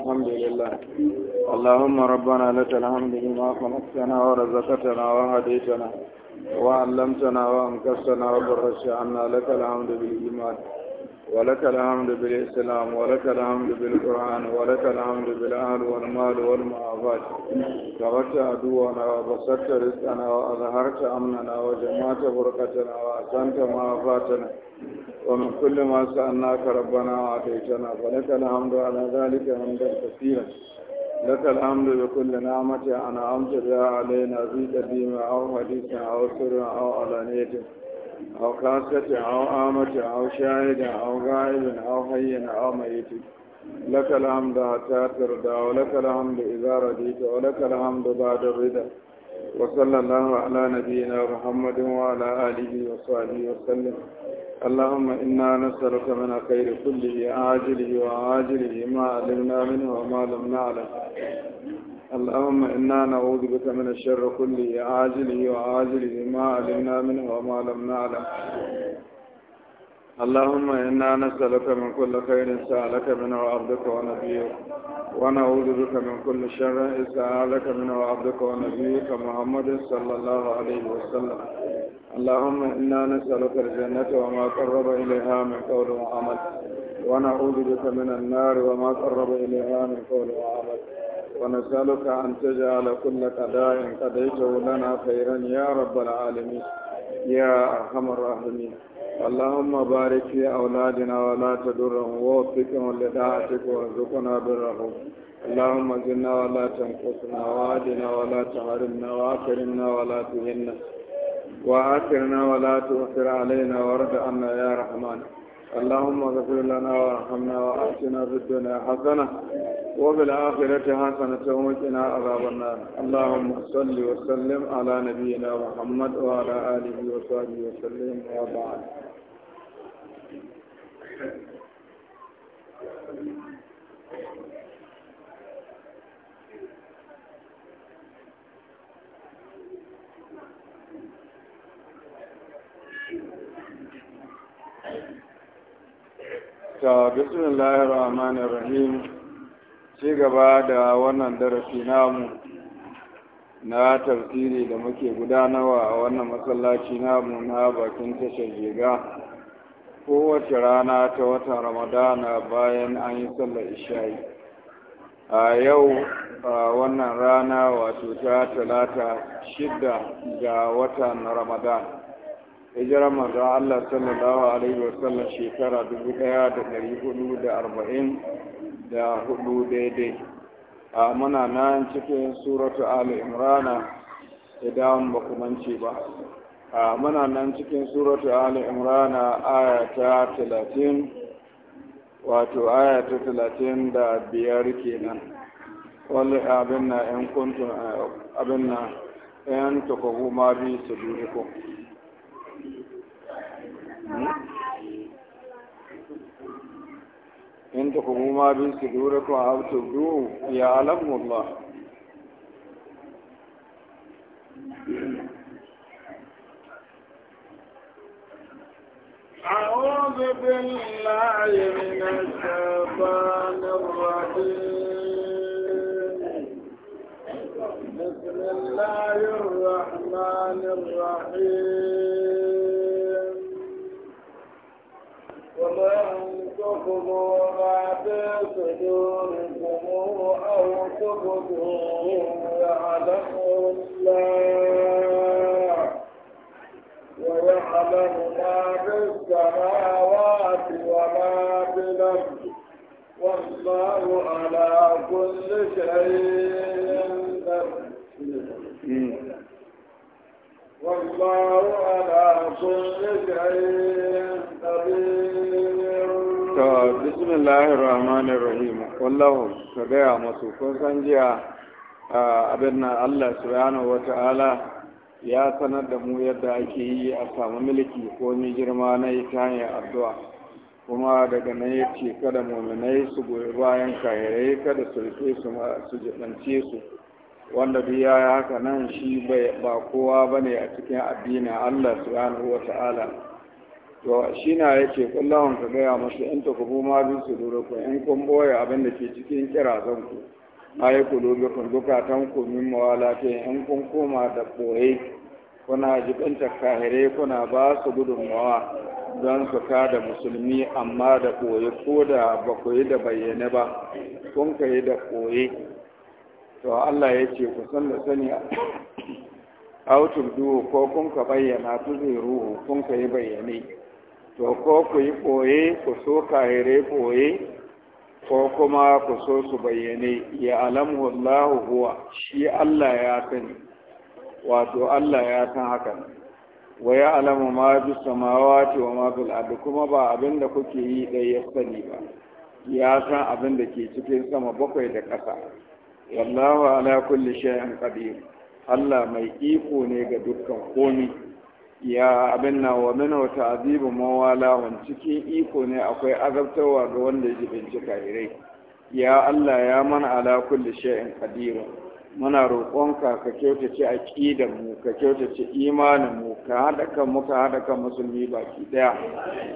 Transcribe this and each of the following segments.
الحمد لله اللهم ربنا لك الحمد لما خلقتنا ورزقتنا وهديتنا وعلمتنا وانكسنا وبرشعنا لك الحمد بالإيمان ولك الحمد بالإسلام ولك الحمد بالقرآن ولك الحمد بالأهل والمال والمعافات كبرت عدونا وبسطت رزقنا وأظهرت أمننا وجمعت فرقتنا وأحسنت معافاتنا ومن كل ما سألناك ربنا وآتيتنا فلك الحمد على ذلك حمدا كثيرا لك الحمد بكل نعمة أنعمت بها علينا في قديم أو حديث أو سر أو علانية أو خاصة أو آمة أو شاهد أو غائب أو حي أو ميت لك الحمد حتى ترضى ولك الحمد إذا رضيت ولك الحمد بعد الرضا وصلى الله على نبينا محمد وعلى آله وصحبه وسلم اللهم إنا نسألك من خير كله عاجله وعاجله ما علمنا منه وما لم نعلم اللهم إنا نعوذ بك من الشر كله عاجله وعاجله ما علمنا منه وما لم نعلم اللهم إنا نسألك من كل خير سألك منه عبدك ونبيك ونعوذ بك من كل شر سألك منه عبدك ونبيك محمد صلى الله عليه وسلم اللهم إنا نسألك الجنة وما قرب إليها من قول وعمل ونعوذ بك من النار وما قرب إليها من قول وعمل ونسألك أن تجعل كل قضاء قضيته لنا خيرا يا رب العالمين يا أرحم الراحمين اللهم بارك في أولادنا ولا تدرهم ووفقهم لداعتك وارزقنا برهم اللهم زدنا ولا تنقصنا وعدنا ولا تحرمنا وأكرمنا ولا تهنا وآخرنا ولا تؤثر علينا وارض عنا يا رحمن اللهم اغفر لنا وارحمنا وآتنا في الدنيا حسنة وبالآخرة حسنة وقنا عذاب النار اللهم صل وسلم على نبينا محمد وعلى آله وصحبه وسلم وبعد بسم الله الرحمن الرحيم ci gaba da wannan darasi namu na tafsiri da muke gudanarwa a wannan masallaci namu na bakin tashar jega kowace rana ta watan ramadana bayan an yi sallar isha'i a yau a wannan rana wato ta talata shidda ga watan ramadan hijirar manzon allah sallallahu alaihi wasallam shekara 1440 da hudu daidai a muna nan cikin suratu ali imrana idan ba ku manci ba a muna nan cikin suratu ali imrana aya ta talatin wato aya ta talatin da biyar kenan wani abin na yan kuntun abin na yan tukahu ma bi su duniku hmm? انت خبوما بل صدورکو آب تبدو یا علم الله أعوذ بالله من الشيطان الرحيم بسم الله الرحمن الرحيم وما تخذوا ما في صدوركم أو تبدوه يعلم bismillahir rahmanir rahim wallahu ka gaya masu kun san jiya abin nan Allah subhanahu ta'ala ya sanar da mu yadda ake yi a samu mulki ko ni girma na ita addu'a kuma daga nan ya ce kada muminai su goyi bayan kayarai kada su rike su su jibance su wanda duk ya haka nan shi ba kowa bane a cikin addinin Allah subhanahu ta'ala. to shi na ya ce ka gaya masu in ta kubu ma bin su duro ku in kun boye abin da ke cikin kirazan ku ma ya ku lobe kun zukatan ku min mawala ke in kun koma da boye kuna jibinta kahire kuna ba su gudunmawa don su da musulmi amma da boye ko da ba ku yi da bayyane ba kun ka yi da boye to Allah ya ce ku san da sani autul duhu ko kun ka bayyana su zai ruhu kun ka yi bayyane to ko ku yi ɓoye ku so kahire ɓoye ko kuma ku so su bayyane ya alamu Allah huwa shi Allah ya sani wato Allah ya san hakan wa ya alamu ma bi samawati wa ma bil ardi kuma ba abin da kuke yi dai ya sani ba ya san abin da ke cikin sama bakwai da ƙasa wallahu ala kulli shay'in qadir Allah mai iko ne ga dukkan komi. ya abin na wa min wata azibu mawala cikin iko ne akwai azabtarwa ga wanda ya bincika kahirai ya Allah ya mana ala kulli shay'in qadir muna roƙonka ka kyautace aqidar mu ka kyautace imanin mu ka hada kan mu ka hada kan musulmi baki daya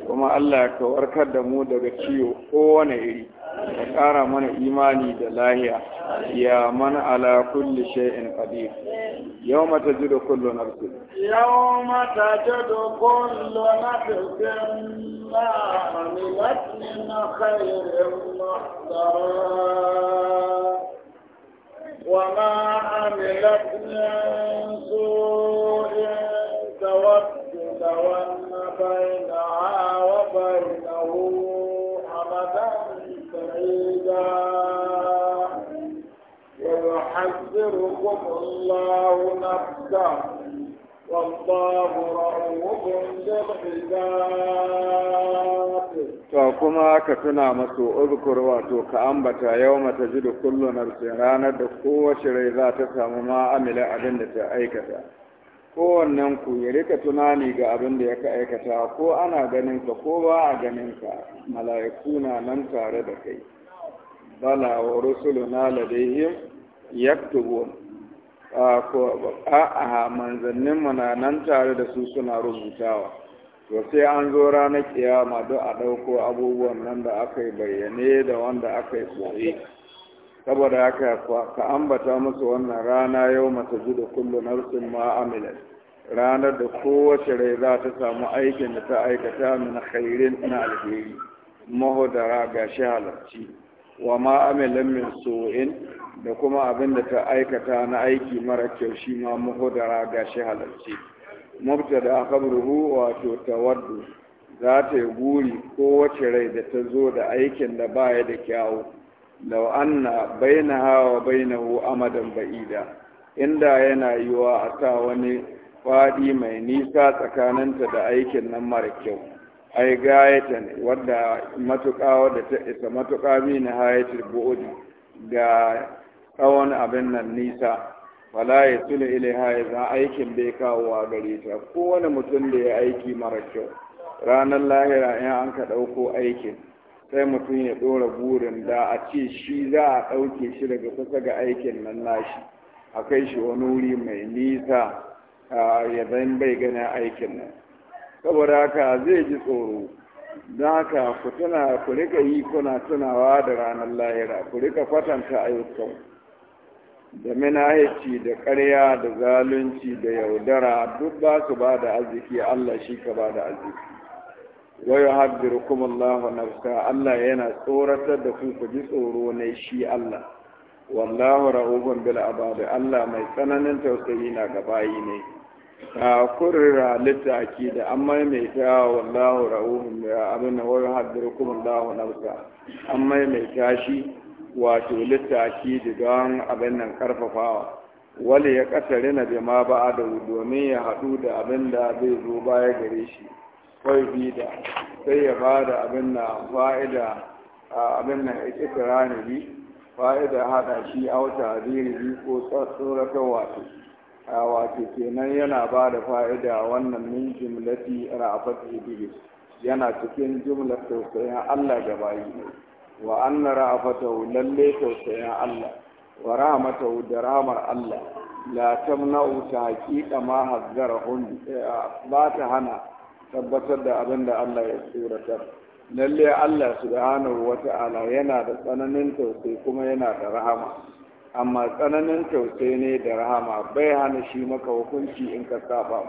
kuma Allah ka warkar da mu daga ciwo kowane iri ya ƙara mana imani da lahiya ya mana ala kulli shay'in qadir yawma tajidu kullu nafsin yawma tajidu kullu nafsin ma amilat min khairin mahdara وما da من bai تود hawa bai بينها وبينه يكلف الله نفسا والله رؤوف بالعباد to kuma ka tuna masu uzkur wato ka ambata yau mata ji da kullu narsin ranar da kowace rai za ta samu ma abin da ta aikata kowannen ku ya rika tunani ga abin da ya ka aikata ko ana ganin ka ko ba a ganin ka mala'iku na nan tare da kai bala wa rusuluna ladaihim yaktubun a'a manzannin na. nan tare da su suna rubutawa to sai an zo ranar kiyama don a ɗauko abubuwan nan da aka yi bayyane da wanda aka yi tsoye saboda aka ka ambata musu wannan rana yau mata ji da kullu narsin ma amilat ranar da kowace rai za ta samu aikin da ta aikata min khairin na alheri mahudara ga shi halarci wa ma amilan min su'in da kuma abin da ta aikata na aiki mara kyau shi ma muhudara ga shi halarci aka khabruhu wato ta tawaddu za ta yi guri kowace rai da ta zo da aikin da baya da kyawu lau anna bainaha wa bainahu amadan ba'ida inda yana yiwa a sa wani faɗi mai nisa tsakaninta da aikin nan mara kyau ai gayata ne wadda matuƙa wadda ta isa matuƙa mini hayatul bu'udi ga tsawon abin nan nisa wala ya tulu ilaiha za aikin bai kawo a gare ta kowane mutum da ya aiki mara kyau ranar lahira in an ka ɗauko aikin sai mutum ya ɗora burin da a ce shi za a ɗauke shi daga kusa ga aikin nan nashi a kai shi wani wuri mai nisa ya zan bai gani aikin nan saboda haka zai ji tsoro don haka ku tuna ku rika yi kuna tunawa da ranar lahira ku rika kwatanta ayyukan da minahici da ƙarya da zalunci da yaudara duk ba su ba da arziki Allah shi ka ba da arziki wa yuhaddirukum Allahu nafsa Allah yana tsoratar da ku ku ji tsoro ne shi Allah wallahu ra'ubun bil abadi Allah mai tsananin tausayi na gabayi ne ta kurra litaki da amma mai ta wallahu ra'ubun abin kuma Allah wa nafsa amma mai tashi wato littafi don abin nan karfafawa wale ya kasare na da ma ba da domin ya haɗu da abin da zai zo baya gare shi bi da sai ya ba da abin na fa'ida abin nan ikisira ne bi fa'ida haɗa shi a wata bi ko tsoratar wato a wato kenan yana ba da fa'ida wannan min jimlati ra'afat iblis yana cikin jumlar tausayin allah gabayi ne wa anna ra'afatahu lalle tausayin Allah wa rahmatahu da rahmar Allah la tamna'u ta haƙiƙa ma hazzara eh, ba ta hana tabbatar da abin da Allah ya tsoratar lalle Allah subhanahu wa ta'ala yana da tsananin tausayi kuma yana da rahama amma tsananin tausayi ne da rahama bai hana shi maka hukunci in ka saba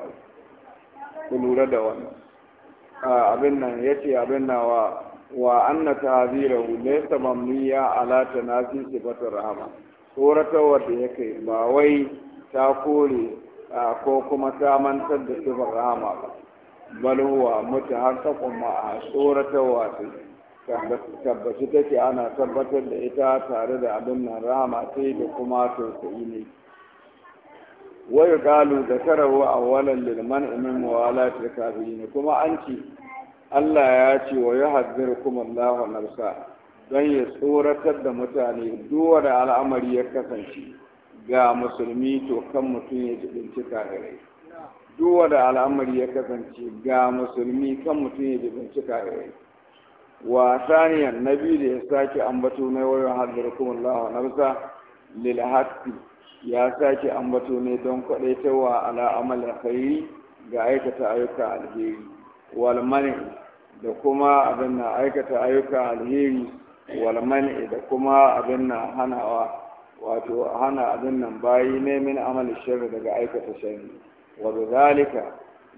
ku lura da wannan ah, abin nan yace abin nawa wa anna tahzirahu laysa mamniya ala tanafi sifatir rahama tsoratarwar da ya kai ba wai ta kore ko kuma ta mantar da sifar rahama ba bal huwa mutahaqqaqun ma tsoratarwa ce tabbaci take ana tabbatar da ita tare da abin nan sai da kuma tausayi ne wai galu da awalan a walan lilman imin ne kuma an ci Allah ya ce wa ya hazzir kuma Allah nafsa don ya tsoratar da mutane duwa da al'amari ya kasance ga musulmi to kan mutum ya ji binci kahirai duwa da al'amari ya kasance ga musulmi kan mutum ya ji binci kahirai wa saniyan biyu da ya sake ambato na wayo hazzir kuma Allah nafsa lil haqqi ya sake ambato ne don kwaɗaitarwa ala amal khairi ga aikata ayyuka alheri walmani da kuma abin na aikata ayyuka alheri walmani da kuma abin na hanawa wato hana abin nan bayi nemin amal shirri daga aikata shari wa zalika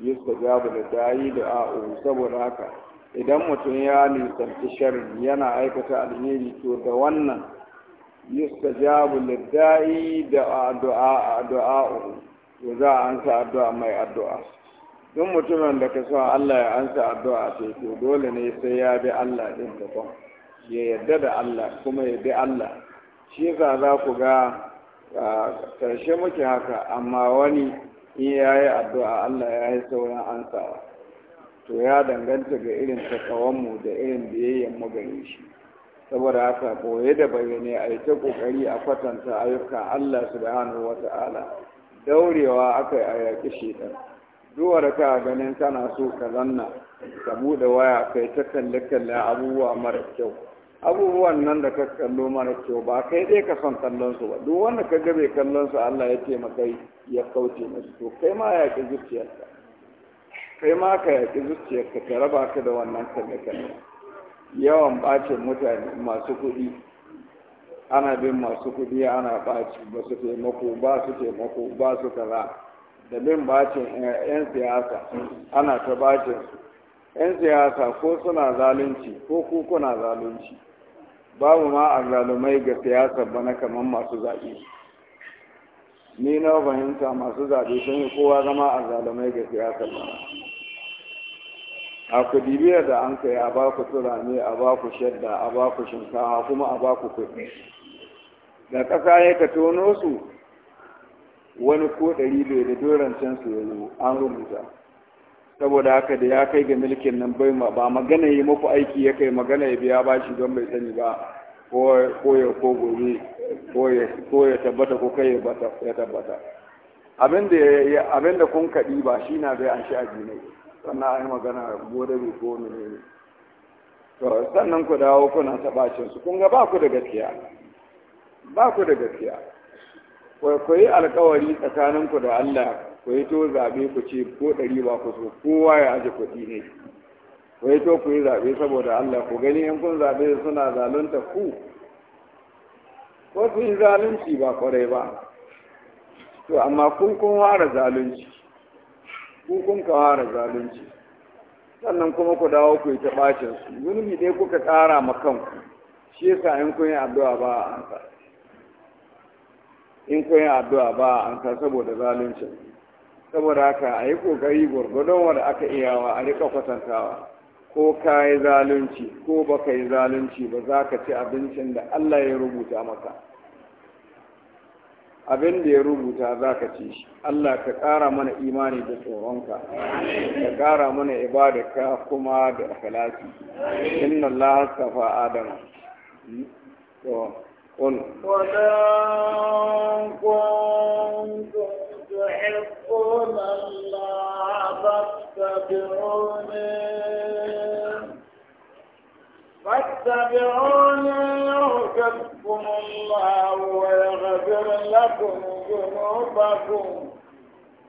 yustajabu da dayi da a'u saboda haka idan mutum ya nisanci shari yana aikata alheri to da wannan yustajabu da dayi da du'a du'a to za a ansa addu'a mai addu'a duk mutumin da ka sa Allah ya ansa addu'a ce to dole ne sai ya bi Allah din da kwan ya yadda da Allah kuma ya bi Allah shi yasa za ku ga karshe muke haka amma wani in ya yi addu'a Allah ya yi sauran ansawa to ya danganta ga irin takawanmu da irin biyayyen mu gare shi saboda haka koye da bayyane a yi ta kokari a kwatanta ayyuka Allah subhanahu wa ta'ala daurewa aka yi a yaƙi shi ɗan da ka ganin kana so ka zanna ka bude waya kai ta kalle kalle abubuwa mara kyau abubuwan nan da ka kallo mara kyau ba kai dai ka son kallon su ba duk wanda ka gabe kallon su Allah ya taimaka ya kauce musu to kai ma ya ki zuciyarka kai ma ka ya ki zuciyarka tare raba ka da wannan kalle kalle yawan bacin mutane masu kuɗi ana bin masu kuɗi ana baci ba su taimako ba su taimako ba su kaza da bin bacin 'yan siyasa ana ta bacin 'yan siyasa ko suna zalunci ko kukuna zalunci babu ma a zalumai ga siyasar bana kamar masu zaɓe ni na fahimta masu zaɓe sun yi kowa zama a zalumai ga siyasar bana a ku dibiyar da an kai a baku turane a baku shadda a baku shinkawa kuma a baku kuɗi da ƙasa ya ka tono su wani ko ɗari bai da doron can su yanzu an rubuta saboda haka da ya kai ga milkin nan bai ma ba magana yi mafi aiki ya kai magana ya biya bashi don bai sani ba ko ya ko gobe ko ya tabbata ko kai ya tabbata abin da kun kaɗi ba shi na bai an shi addinai sannan a yi magana bai ko menene to sannan ku dawo kuna taɓacin su kun ga ba ku da gaskiya ba ku da gaskiya kwaikwayi alkawari tsakaninku da Allah ku yi to zaɓe ku ce ko ɗari ba ku so kowa ya aje kuɗi ne ku yi to ku yi zaɓe saboda Allah ku gani in kun zaɓe suna zalunta ku ko sun yi zalunci ba kwarai ba to amma kun kun fara zalunci ku kun ka fara zalunci sannan kuma ku dawo ku yi ta bacin su zunubi dai kuka ƙara ma kanku shi yasa in kun yi addu'a ba a ansa in kai addu'a ba an ka saboda zalunci saboda haka a yi ƙoƙari gwargwadon wanda aka iyawa a rika kwatantawa ko ka yi zalunci ko ba ka yi zalunci ba za ka ci abincin da allah ya rubuta maka abin da ya rubuta za ka ci shi allah ka ƙara mana imani da tsoronka ka ƙara mana ka kuma da akhlasi inna allah safa adama hmm? to قل ومن كنتم تحبون الله فاتبعوني فاتبعوني يركبكم الله ويغفر لكم ذنوبكم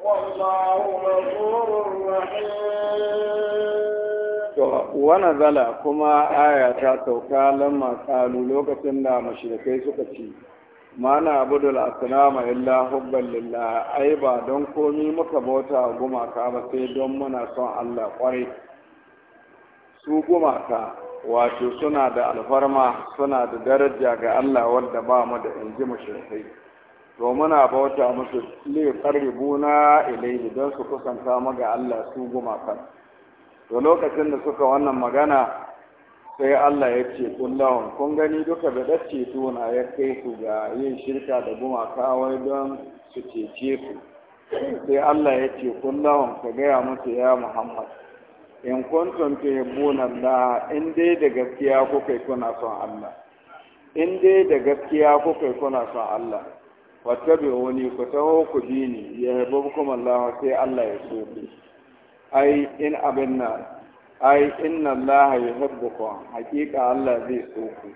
والله غفور رحيم to wani zala kuma aya ta sauka lamma salu lokacin da mashirikai suka ci mana abudul asnama illa hubban lillah ai ba don komi muka bauta gumaka ba sai don muna son Allah kwarai su gumaka wato suna da alfarma suna da daraja ga Allah wanda ba mu da inji mushrikai to muna bauta musu li qarribuna ilayhi don su kusanta mu ga Allah su gumaka to lokacin da suka wannan magana sai Allah ya ce kullahun kun gani duka da dace na ya kai su ga yin shirka da gumaka wai don su cece su sai Allah ya ce kullahun ka gaya musu ya Muhammad in kuntum tuhibbuna Allah in dai da gaskiya kuka kuna son Allah in dai da gaskiya kuka kuna son Allah wani ku taho ku bi ni ya kuma Allah sai Allah ya so ku ai in abin nan ai inna allaha yuhibbukum haqiqa allah zai so ku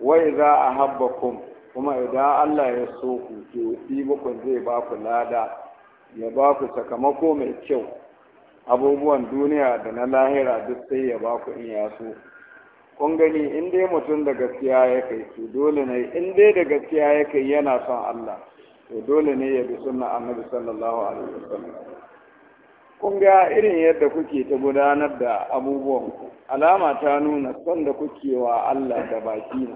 Wai wa idza ahabbakum kuma idan allah ya so ku to muku zai ba ku lada ya ba ku sakamako mai kyau abubuwan duniya da na lahira duk sai ya ba ku in ya so kun gani in dai mutum da gaskiya ya kai to dole ne in dai da gaskiya ya kai yana son allah to dole ne ya bi sunna annabi sallallahu alaihi wasallam kun ga irin yadda kuke ta gudanar da abubuwan alama ta nuna son da kuke wa Allah da baki na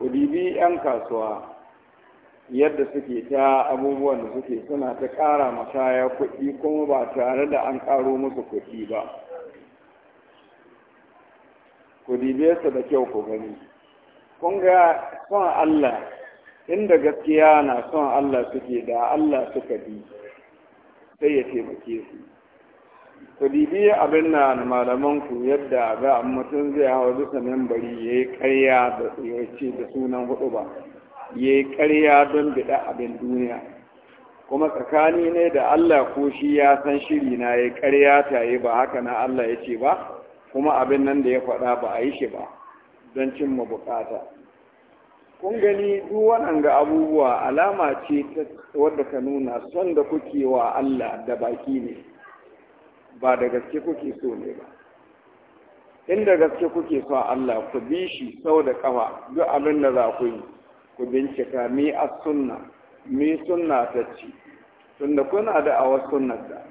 ku dibi 'yan kasuwa yadda suke ta abubuwan da suke suna ta ƙara masaya kuɗi kuma ba tare da an ƙaro musu kuɗi ba ku dibe su da kyau ku gani kun ga son Allah inda gaskiya na son Allah suke da Allah suka bi sai ya taimake su ku dibi abin na malaman ku yadda za a mutum zai hawa duka membari ya yi karya da tsirce da sunan hudu ba ya yi karya don bida abin duniya kuma tsakani ne da Allah ko shi ya san shiri na ya karya ta yi ba haka na Allah ya ce ba kuma abin nan da ya faɗa ba a yi shi ba don cimma bukata kun gani duk wannan ga abubuwa alama ce ta wadda ka nuna son da kuke wa Allah da baki ne ba da gaske kuke so ne ba inda gaske kuke so Allah ku bi shi sau da kafa duk abin da za ku yi ku bincika me as sunna me sunna ta ce tunda kuna da awa sunnar da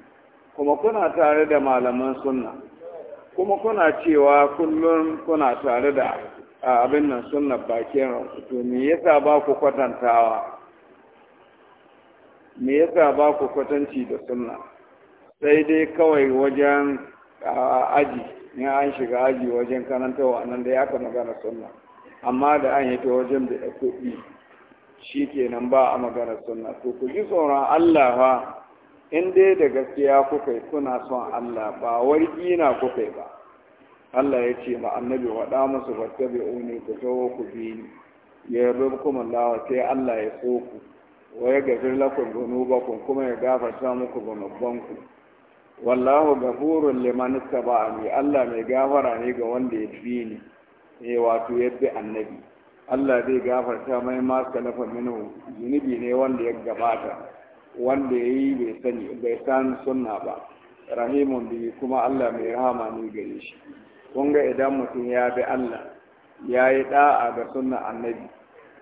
kuma kuna tare da malaman sunna kuma kuna cewa kullum kuna tare da a abin nan sunna bakin to me yasa ba ku kwatantawa me yasa ba ku kwatanci da sunna sai dai kawai wajen aji in an shiga aji wajen karantarwa nan da ya kama magana sunna amma da an yi ta wajen da kudi shi kenan ba a magana sunna to ku ji tsoron Allah ba in dai da gaskiya kuka kuna son Allah ba wargi na kuka ba Allah ya ce ma annabi waɗa musu bai uni ku tawo ku bi ni ya rubkum Allah sai Allah ya so ku wa ya gafir lakum kuma ya gafarta muku dhunubanku wallahu ghafurun liman ittaba'ani Allah mai gafara ne ga wanda ya bi ni eh wato yadda annabi Allah zai gafarta mai ma kalafa minhu zunubi ne wanda ya gabata wanda ya yi bai sani bai san sunna ba rahimun bi kuma Allah mai rahama ne gare shi kun ga idan mutum ya bi Allah ya yi da'a ga sunna annabi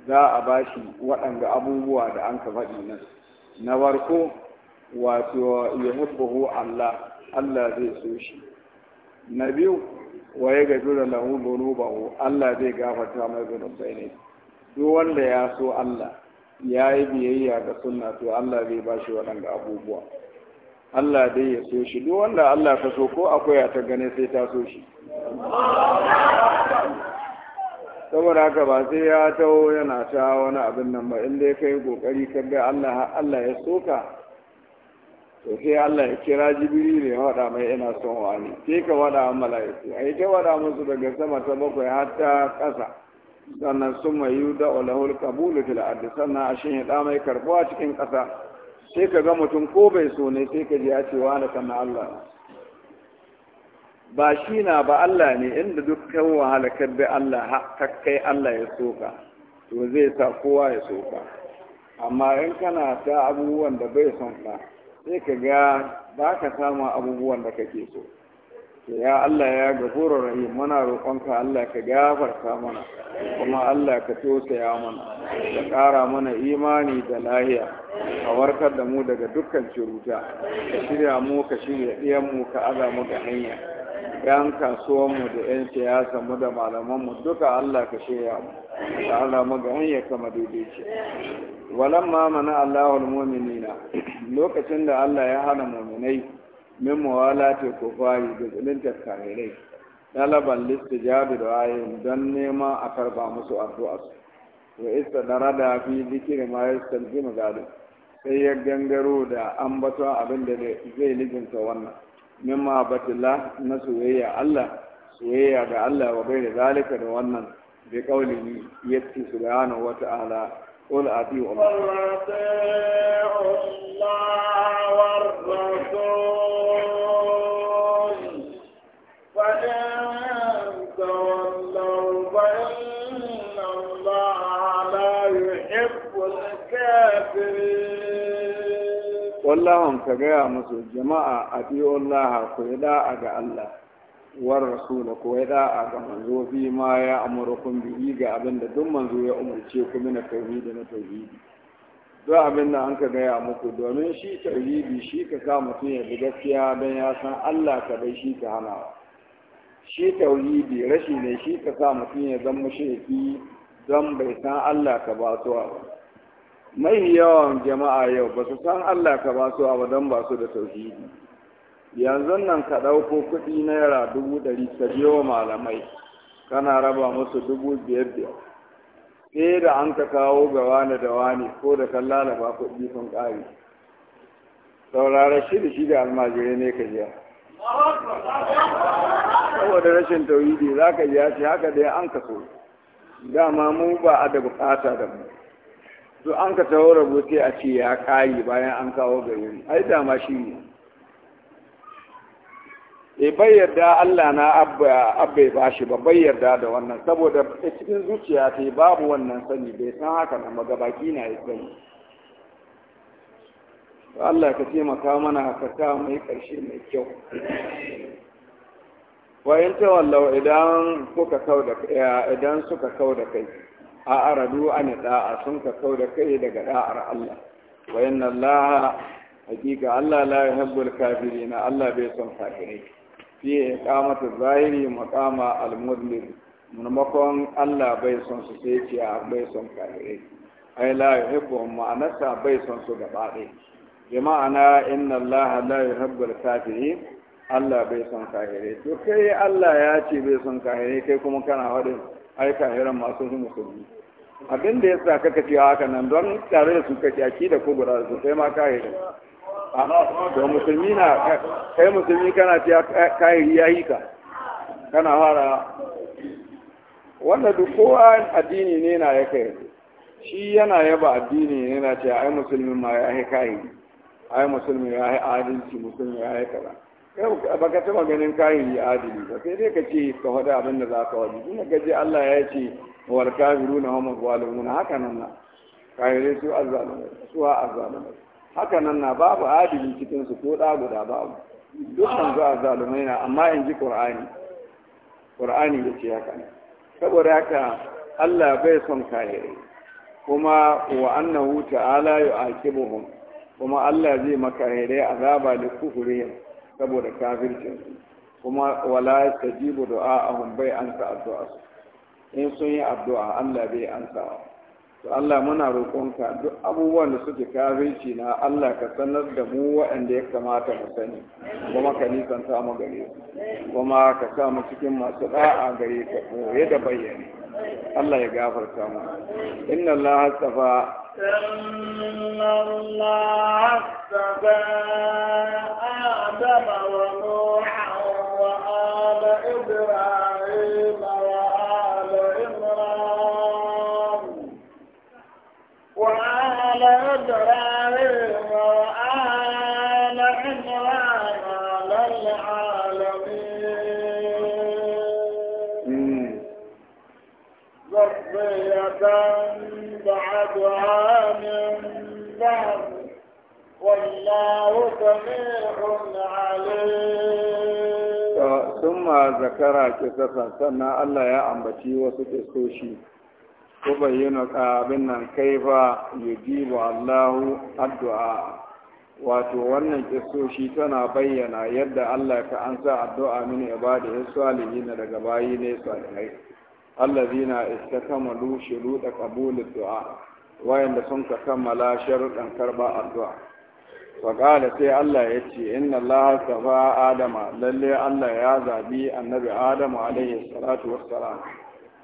za a ba shi waɗanda abubuwa da an ka faɗi nan na farko wato hubbahu Allah Allah zai so shi na biyu wa ya gajura lahu Allah zai gafarta mai bai ne duk wanda ya so Allah ya yi biyayya ga sunna to Allah zai ba shi waɗanda abubuwa Allah dai ya so shi duk wanda Allah ka so ko akwai a ta gane sai ta so shi saboda haka ba sai ya taho yana ta wani abin nan ba inda ya kai kokari ka ga Allah Allah ya ka to sai Allah ya kira ne ya wada mai ina son wani sai ka wada wa mala'iku ai ta wada musu daga sama ta bakwai har ta ƙasa sannan sun mai yuda ulahul kabulu fil ardi sannan a shin ya da mai karbuwa cikin kasa sai ka ga mutum ko bai so ne sai ka je a cewa na Allah ba shi na ba Allah ne inda dukkan wahala ka bi Allah ta kai Allah ya soka to zai sa kowa ya soka amma in kana ta abubuwan da bai son ka sai ka ga ba ka samu abubuwan da kake so ya Allah ya gafura rahim muna roƙonka Allah ka gafarta mana kuma Allah ka tosaya mana ka ƙara mana imani da lahiya ka warkar da mu daga dukkan ciruta ka shirya mu ka shirya ɗiyan mu ka aza mu da hanya yan kasuwan da yan siyasa mu da malaman duka Allah ka shirya mu ka aza mu da hanya kama daidai walamma mana Allahul mu'minina lokacin da Allah ya hana mu'minai min muwalati kufari da zulunta kafirai talaban listijabi da ayin don neman a karba musu addu'a su wa isa da fi zikiri ma ya salfi magadu sai ya gangaro da ambaton abin da zai ta wannan min mahabbatila na soyayya Allah soyayya ga Allah wa bai da zalika da wannan bi qaulihi yatti subhanahu wa ta'ala qul ati'u Allah wa wallahun ka gaya musu jama'a a laha ku yi da'a ga Allah war rasula ku yi da'a ga manzo fi ma ya amurkun bihi ga abin da duk manzo ya umarce ku mina tauhidi na tauhidi duk abin da an ka gaya muku domin shi tauhidi shi ka sa mutum ya bi gaskiya don ya san Allah ka bai shi ka hanawa shi tauhidi rashi ne shi ka sa mutum ya zama shirki don bai san Allah ka ba ba mai yawan jama'a yau ba su san Allah ka ba su abu don ba su da tauhidi yanzu nan ka ɗauko kuɗi naira dubu ɗari ka biyo wa malamai kana raba musu dubu biyar biyar sai da an ka kawo ga wani da wani ko da kan lalaba kuɗi sun ƙari saurara shi da shi da almajirai ne ka jiya saboda rashin tauhidi za ka jiya shi haka dai an ka so dama mu ba a da bukata da mu to an ka taho rabote a ce ya ƙari bayan an kawo gari ai dama shi ne e bai yarda Allah na abba ba shi ba bai yarda da wannan saboda cikin zuciya ta babu wannan sani bai san haka nan ba gabaki na ya sani Allah ka taimaka mana ka ta mai ƙarshe mai kyau wayan ta wallawa idan suka kau da kai a aradu an da'a sun ka kau da kai daga da'ar Allah wa inna Allah hakika Allah la yuhibbul kafirin Allah bai son kafirai fi iqamatu zahiri maqama al-mudlim makon Allah bai son su sai ce bai son kafirai ai la yuhibbu ma'anarsa bai son su gaba Jama'a na, inna Allah la yuhibbul kafirin Allah bai son kafirai to kai Allah ya ce bai son kafirai kai kuma kana faɗin ai kafiran masu musulmi abin da ya sa kaka cewa haka nan don tare da su kake aki da ko guda su sai ma kahiri to musulmi na kai musulmi kana cewa kai ya yi ka kana fara wanda duk kowa addini ne na ya kai shi yana yaba addini ne na cewa ai musulmi ma ya yi kai, ai musulmi ya yi adalci musulmi ya yi kaza ba ka taba ganin kahiri adali ba sai dai ka ce ka faɗi abin da za ka wani, kuma gaji Allah ya ce wal kafiruna hum zalimun haka nan na kafirai su azzalimai su ha azzalimai haka nan na babu adili cikin su ko da guda babu dukkan su azzalumai na amma in ji qur'ani qur'ani haka ne saboda haka Allah bai son kafirai kuma wa annahu ta'ala yu'aqibuhum kuma Allah zai makahirai azaba da kufurihim saboda kafircin kuma wala tajibu du'a ahum ansa su in sun yi addu'a Allah bai ansa to Allah muna roƙonka duk abubuwan da suke kafinci na Allah ka sanar da mu waɗanda ya kamata mu sani kuma ka ta mu gare kuma ka sa mu cikin masu ɗa'a gare ka koye da bayyane Allah ya gafarta mu inna Allah astafa inna Allah astafa wa wa Ibrahim ذرية بعدها من بعد والله سميع عليم ثم ذكر كسفا سنة الله يا أمبتي وسكسوشي وبينك أبنا كيف يجيب الله الدعاء wato wannan kisoshi tana bayyana yadda Allah ka an sa addu'a mini ibada ya salihi na daga bayi ne salihai allazina istakamalu da qabulid du'a wayanda sun ka kammala sharuɗan karba addu'a wa qala sai Allah ya ce inna Allah safa adama lalle Allah ya zabi annabi adamu alaihi salatu wassalam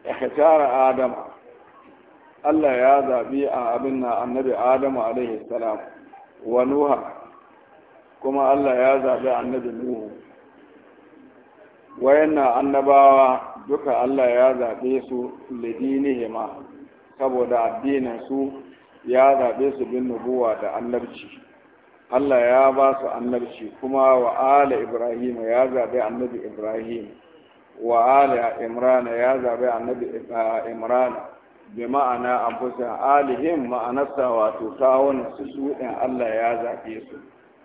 ikhtara adama Allah ya zabi a abin na annabi adamu alaihi salam wa nuha kuma Allah ya zaɓi annabi nuhu wayanna annabawa duka Allah ya zaɓe su lidinihima saboda addinin su ya zaɓe su bin nubuwa da annabci Allah ya ba su annabci kuma wa ala Ibrahim ya zaɓe annabi Ibrahim wa ala Imrana ya zaɓe annabi eh, Imrana bi ma'ana anfusa alihim ma'anarsa wato kawon su su ɗin Allah ya zaɓe su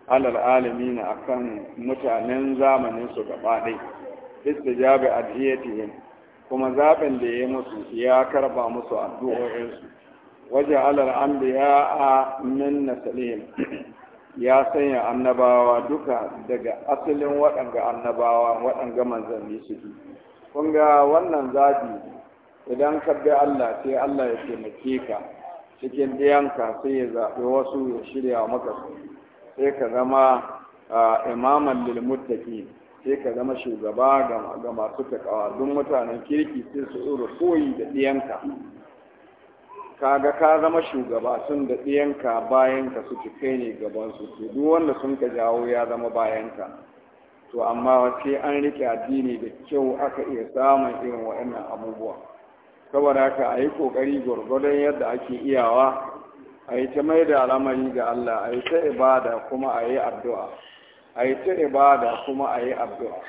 alal alimi na akan mutanen zamanin su gaba ɗai istijabi adhiyatihim kuma zaɓin da ya musu ya karba musu addu'o'insu waje alal anbiya a min nasalihim ya sanya annabawa duka daga asalin waɗanga annabawa waɗanga manzanni su kun ga wannan zaɓi idan ka bi Allah sai Allah ya taimake ka cikin ɗiyanka sai ya zaɓi wasu ya shirya maka su sai ka zama imaman lilmuttaki sai ka zama shugaba ga masu takawa duk mutanen kirki sai su tsoro koyi da ɗiyanka kaga ka zama shugaba sun da ɗiyanka bayan ka su kai ne gaban su to duk wanda sun ka jawo ya zama bayan ka to amma sai an rike addini da kyau aka iya samun irin waɗannan abubuwa saboda haka a yi ƙoƙari gwargwadon yadda ake iyawa a yi ta mai da al'amari ga Allah a yi ta ibada kuma a yi addu'a a yi ta ibada kuma a yi addu'a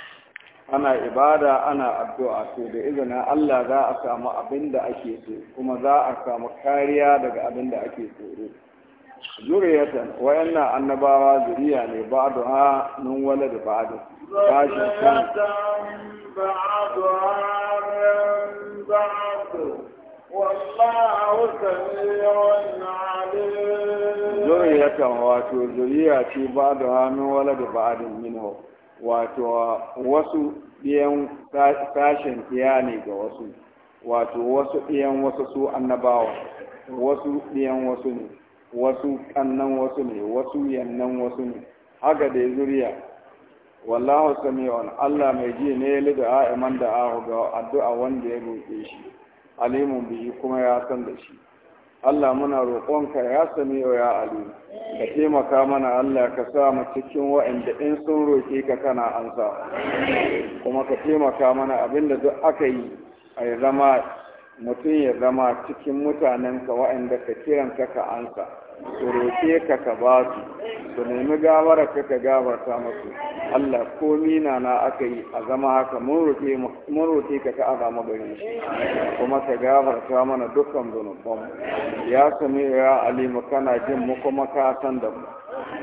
ana ibada ana addu'a to da izinin Allah za a samu abin da ake so kuma za a samu kariya daga abin da ake tsoro zuriyatan wayannan annabawa zuriya ne ba'du ha nun wala da Ba shi kan ba'du ha min ba'du zuriyatan wato zuriya ce ba da hannun wala da ba'adin minhu wato wasu ɗiyan sashen ɗiya ne ga wasu wato wasu ɗiyan wasu su annabawa wasu ɗiyan wasu ne wasu ƙannan wasu ne wasu yannan wasu ne haka dai zuriya wallahu sami'un Allah mai ji ne li da a'iman da ahu ga addu'a wanda ya roƙe shi alimun bihi kuma ya san da shi Allah muna roƙonka ya sami ya alu ka taimaka mana Allah ka sa mu cikin wa'anda in sun roƙe ka kana ansa kuma ka taimaka mana abinda duk aka yi a zama mutum ya zama cikin mutanenka waanda ka kiranka ka ansa su roƙe ka ka ba su su nemi gawara ka ka gafarta musu Allah ko mina na aka yi a zama haka mun roƙe ka ka azama kuma ka gafarta mana dukkan zunuban ya sami ya alimu kana jin mu kuma ka san da mu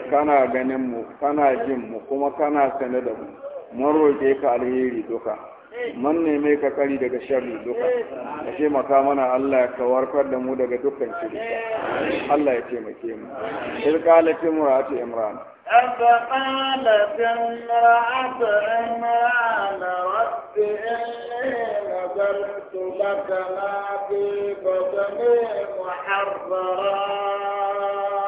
kana ganin mu kana jin mu kuma kana sane da mu mun roƙe ka alheri duka man neme ka kari daga sharri duka ka taimaka mana Allah ya warkar da mu daga dukkan shiri Allah ya taimake mu irqalatin murati imran فقالت امرأة عمران رب إني نذرت لك ما في بطني محررا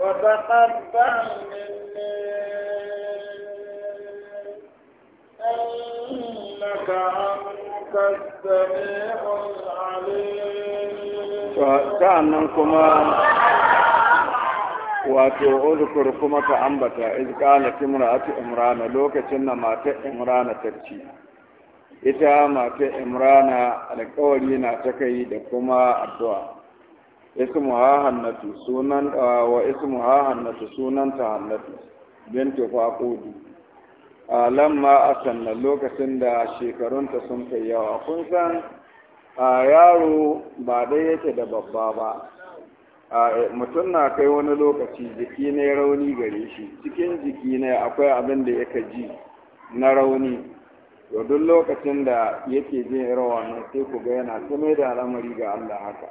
وتقبل مني sa’an kuma wato uzkur kuma ta ambata iz qala timra'atu imrana lokacin na mata imrana ta ita mata imrana alkawari na ta kai da kuma addu'a ha hannatu sunan wa hannatu sunanta hannatu bintu lamma asanna lokacin da shekarunta sun kai yawa kun san yaro ba dai yake da babba ba mutum na kai wani lokaci jiki ne rauni gare shi cikin jiki ne akwai abin da yake ji na rauni to duk lokacin da yake jin irin wannan sai ku ga yana ta da al'amari ga Allah haka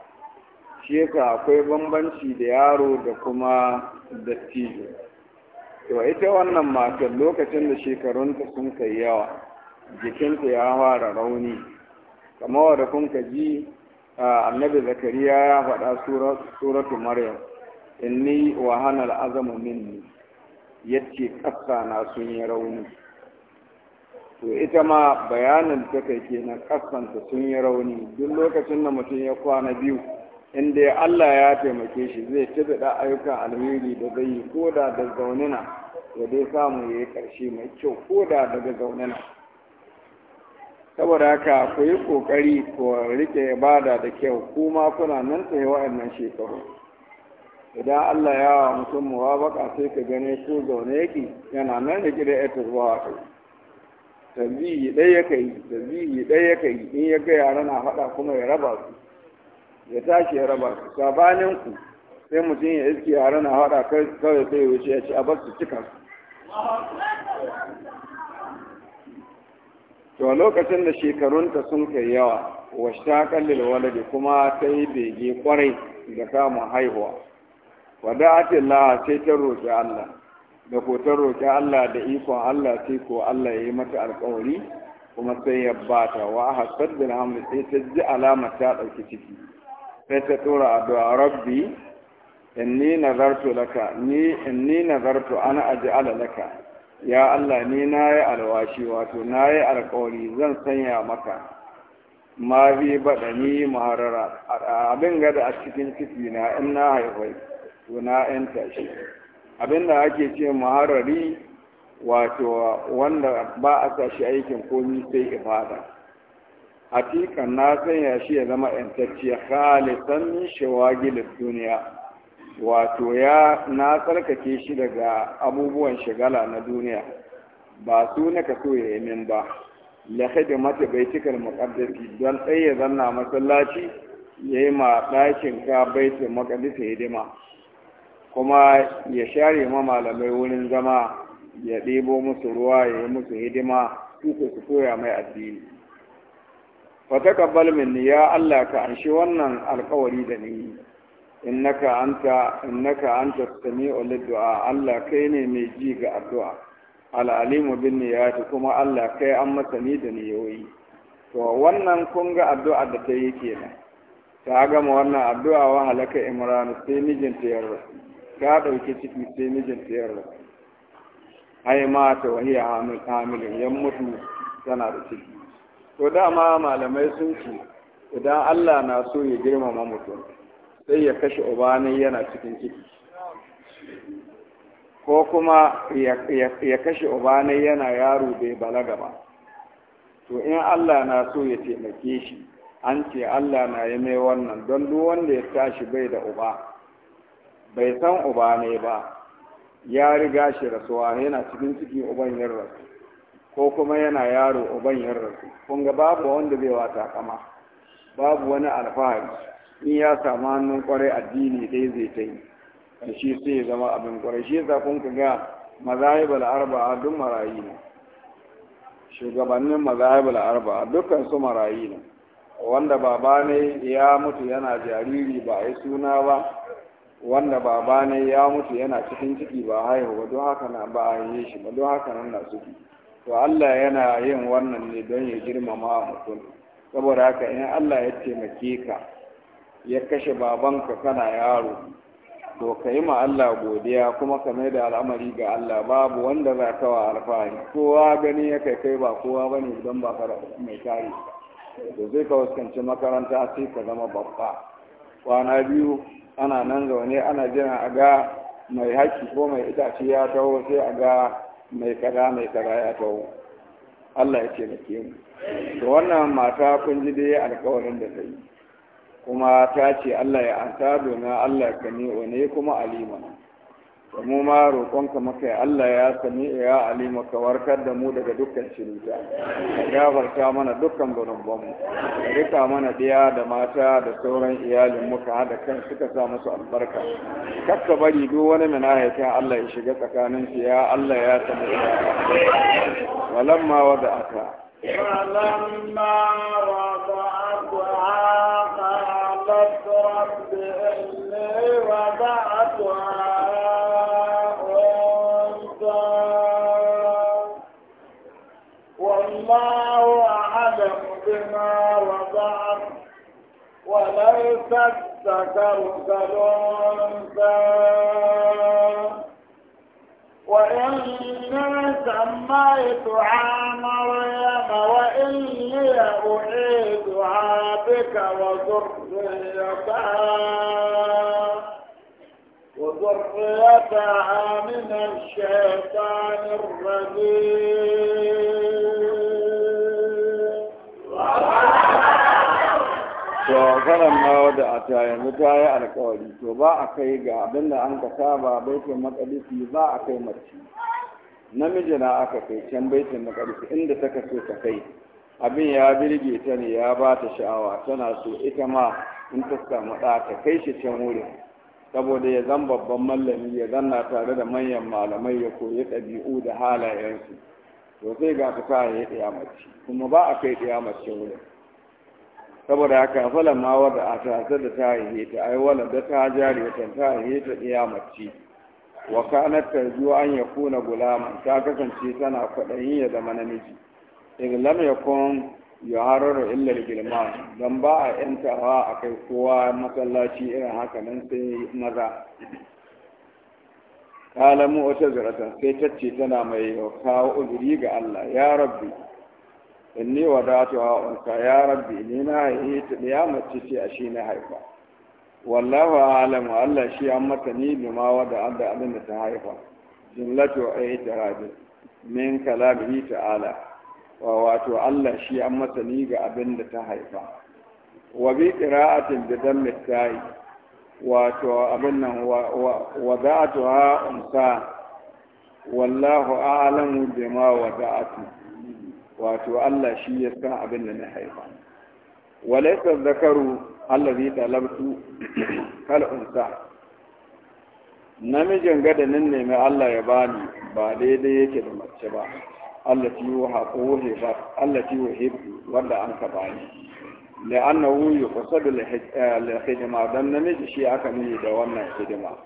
shi yasa akwai bambanci da yaro da kuma dattijo to ita wannan matar lokacin da shekarunta sun kai yawa jikinta ya fara rauni kamar da kun ka ji annabi zakariya ya faɗa suratu maryam inni wa hana al'azamu minni yace ƙasa na sun yi rauni to ita ma bayanin ta kai kenan ƙasanta sun yi rauni duk lokacin da mutum ya kwana biyu Inda dai Allah ya taimake shi zai ci da ayyukan alheri da zai yi ko da da zaunina ya dai samu ya yi ƙarshe mai kyau ko da daga zaunina saboda haka ku yi ƙoƙari ku riƙe ibada da kyau kuma kuna nan tsaye wa'annan shekaru idan Allah ya wa mutum muwafaka sai ka gane ko zaune yake yana nan da gida ya turba zuwa kai tazihi ɗaya yi ɗaya ka yi, in ya ga yara na faɗa kuma ya raba su ya tashi ya raba su sabanin ku sai mutum ya iske a rana haɗa kawai sai wuce ya ci a bar su cika su to lokacin da shekarunta sun kai yawa wa shaƙallil walade kuma ta yi bege kwarai da samun haihuwa wada'atin la'a sai ta roƙi Allah da ko ta roƙi Allah da ikon Allah sai ko Allah ya yi mata alƙawari kuma sai ya bata wa a hasar da sai ta ji alamar ta ɗauki ciki sai ta tura addu'a rabbi inni nazartu laka ni inni nazartu ana aj'ala laka ya Allah ni nayi alwashi wato nayi alƙawari zan sanya maka ma bi badani maharara abin gada a cikin ciki na in na haifai to na in tashi abin da ake ce maharari wato wanda ba a sa aikin komi sai ibada hakika na sanya shi ya zama yantacciya khalisan min shawagil duniya wato ya na tsarkake shi daga abubuwan shigala na duniya ba su na ka so ya yi min ba la mata baitikal muqaddasi don tsaye ya zanna masallaci yayi ma ɗakin ka baitul maqdis hidima kuma ya share ma malamai wurin zama ya ɗebo musu ruwa ya yi musu hidima su su koya mai addini wa taqabbal minni ya Allah ka anshi wannan alƙawari da ni innaka anta innaka anta sami'u du'a Allah kai ne mai ji ga addu'a al'alimu bin niyyati kuma Allah kai an ni da niyoyi to wannan kun ga addu'a da ta yi kenan ta gama wannan addu'a wa halaka imran sai mijinta ta rasu ta dauke ciki sai mijinta ta rasu ai mata wahiya hamilin yan mutu tana da ciki to dama malamai sun ce idan Allah na so ya girmama mutum sai ya kashe ubanai yana cikin ciki ko kuma ya kashe ubanai yana yaro bai balaga ba to in Allah na so ya taimake shi an ce Allah na yi mai wannan don duk wanda ya tashi bai da uba bai san ubanai ba ya riga shi rasuwa yana cikin ciki uban yin rasu ko kuma yana yaro uban ya rasu kun ga babu wanda zai wa kama. babu wani alfahari in ya samu hannun kwarai addini dai zai ta yi da shi sai ya zama abin kwarai shi yasa kun ka ga mazahibul a duk marayi ne shugabannin mazahibul arba'a dukkan su marayi ne wanda baba ne ya mutu yana jariri ba a yi suna ba wanda baba ne ya mutu yana cikin ciki ba haihuwa don haka na ba a yi shi ba don haka nan na suke to Allah yana yin wannan ne don ya girmama mutum saboda haka in Allah ya taimake ka ya kashe babanka kana yaro to ka yi ma Allah godiya kuma ka mai da al'amari ga Allah babu wanda za ka wa alfahari kowa gani ya kai kai ba kowa ba ne don ba fara mai tari to zai ka fuskanci makaranta sai ka zama babba kwana biyu ana nan zaune ana jiran a ga mai haƙƙi ko mai itace ya taho sai a ga mai kada mai kada ya ta'u. Allah ya ke mu Da wannan mata kun ji dai alkawarin da ta yi kuma ta ce Allah ya anta domin Allah ka ne kuma alima mu ma roƙonka maka ya Allah ya sami ya alima ka warkar da mu daga dukkan shiruta ka gafarta mana dukkan mu ka rika mana ɗiya da mata da sauran iyalin mu ka haɗa kan suka sa musu albarka kakka bari duk wani minahikin Allah ya shiga tsakanin su ya Allah ya sami ya walamma wada aka walamma wada aka qalat rabbi inni wada'tuha ليس الذكر وإني سميت عام مريم وإني أعيدها بك وذريتها وذريتها من الشيطان الرجيم to faran ma wadda a ta yanzu ta yi alkawari to ba a kai ga abin da an ka saba baitin makalisi ba a kai mace namiji na aka kai can baitin makalisi inda ta kaso ta kai abin ya birge ta ne ya ba ta sha'awa tana so ita ma in ta samu ɗa ta kai shi can wurin saboda ya zan babban mallami ya zanna tare da manyan malamai ya koyi ɗabi'u da halayensu to sai ga ta ya yi mace kuma ba a kai mace wurin saboda haka falan ma wadda a tasar da ta haihe ta ai walada ta jari ta haihe ta iya mace wa kanat zuwa an kuna gulama ta kasance tana kwaɗayin ya zama namiji in lam ya hararo illa al dan ba a yantawa akai kowa masallaci irin haka nan sai maza wata zarata sai tacce tana mai kawo uzuri ga Allah ya rabbi inni wadatu a unka ya rabbi ni na yi ta ya mace ce a shi na haifa wallahu alamu allah shi an mata ni bima wada adda abin da ta haifa jumlatu a yi tarabi min kalamihi ta'ala wato allah shi an mata ni ga abin da ta haifa wa bi qira'atin bi dammi ta'i wato abin nan wada'atu ha unka wallahu a'lamu bima wada'atu wato Allah shi ya sa abin da na haifa walaisa zakaru allazi talabtu kal namijin gada nan Allah ya bani ba daidai yake da mace ba Allah ti yuha quhi ba Allah wa yuhib wanda an ka bani la'annahu yuqsadu da hijma dan namiji shi aka nuni da wannan hidima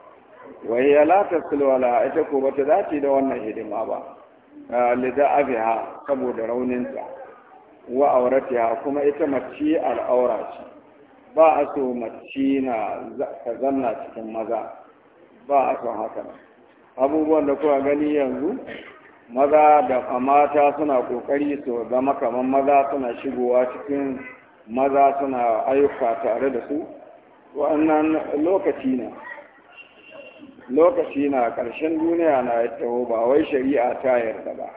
wa ya la tasilu ita ko bata dace da wannan hidima ba lida abiha saboda rauninta wa auratiha kuma ita mace al'aura ce ba a so mace na ka zanna cikin maza ba a so haka abubuwan da kuka gani yanzu maza da mata suna kokari su zama kamar maza suna shigowa cikin maza suna ayyuka tare da su wannan lokaci ne lokaci na ƙarshen duniya na ya taho ba wai shari'a ta yarda ba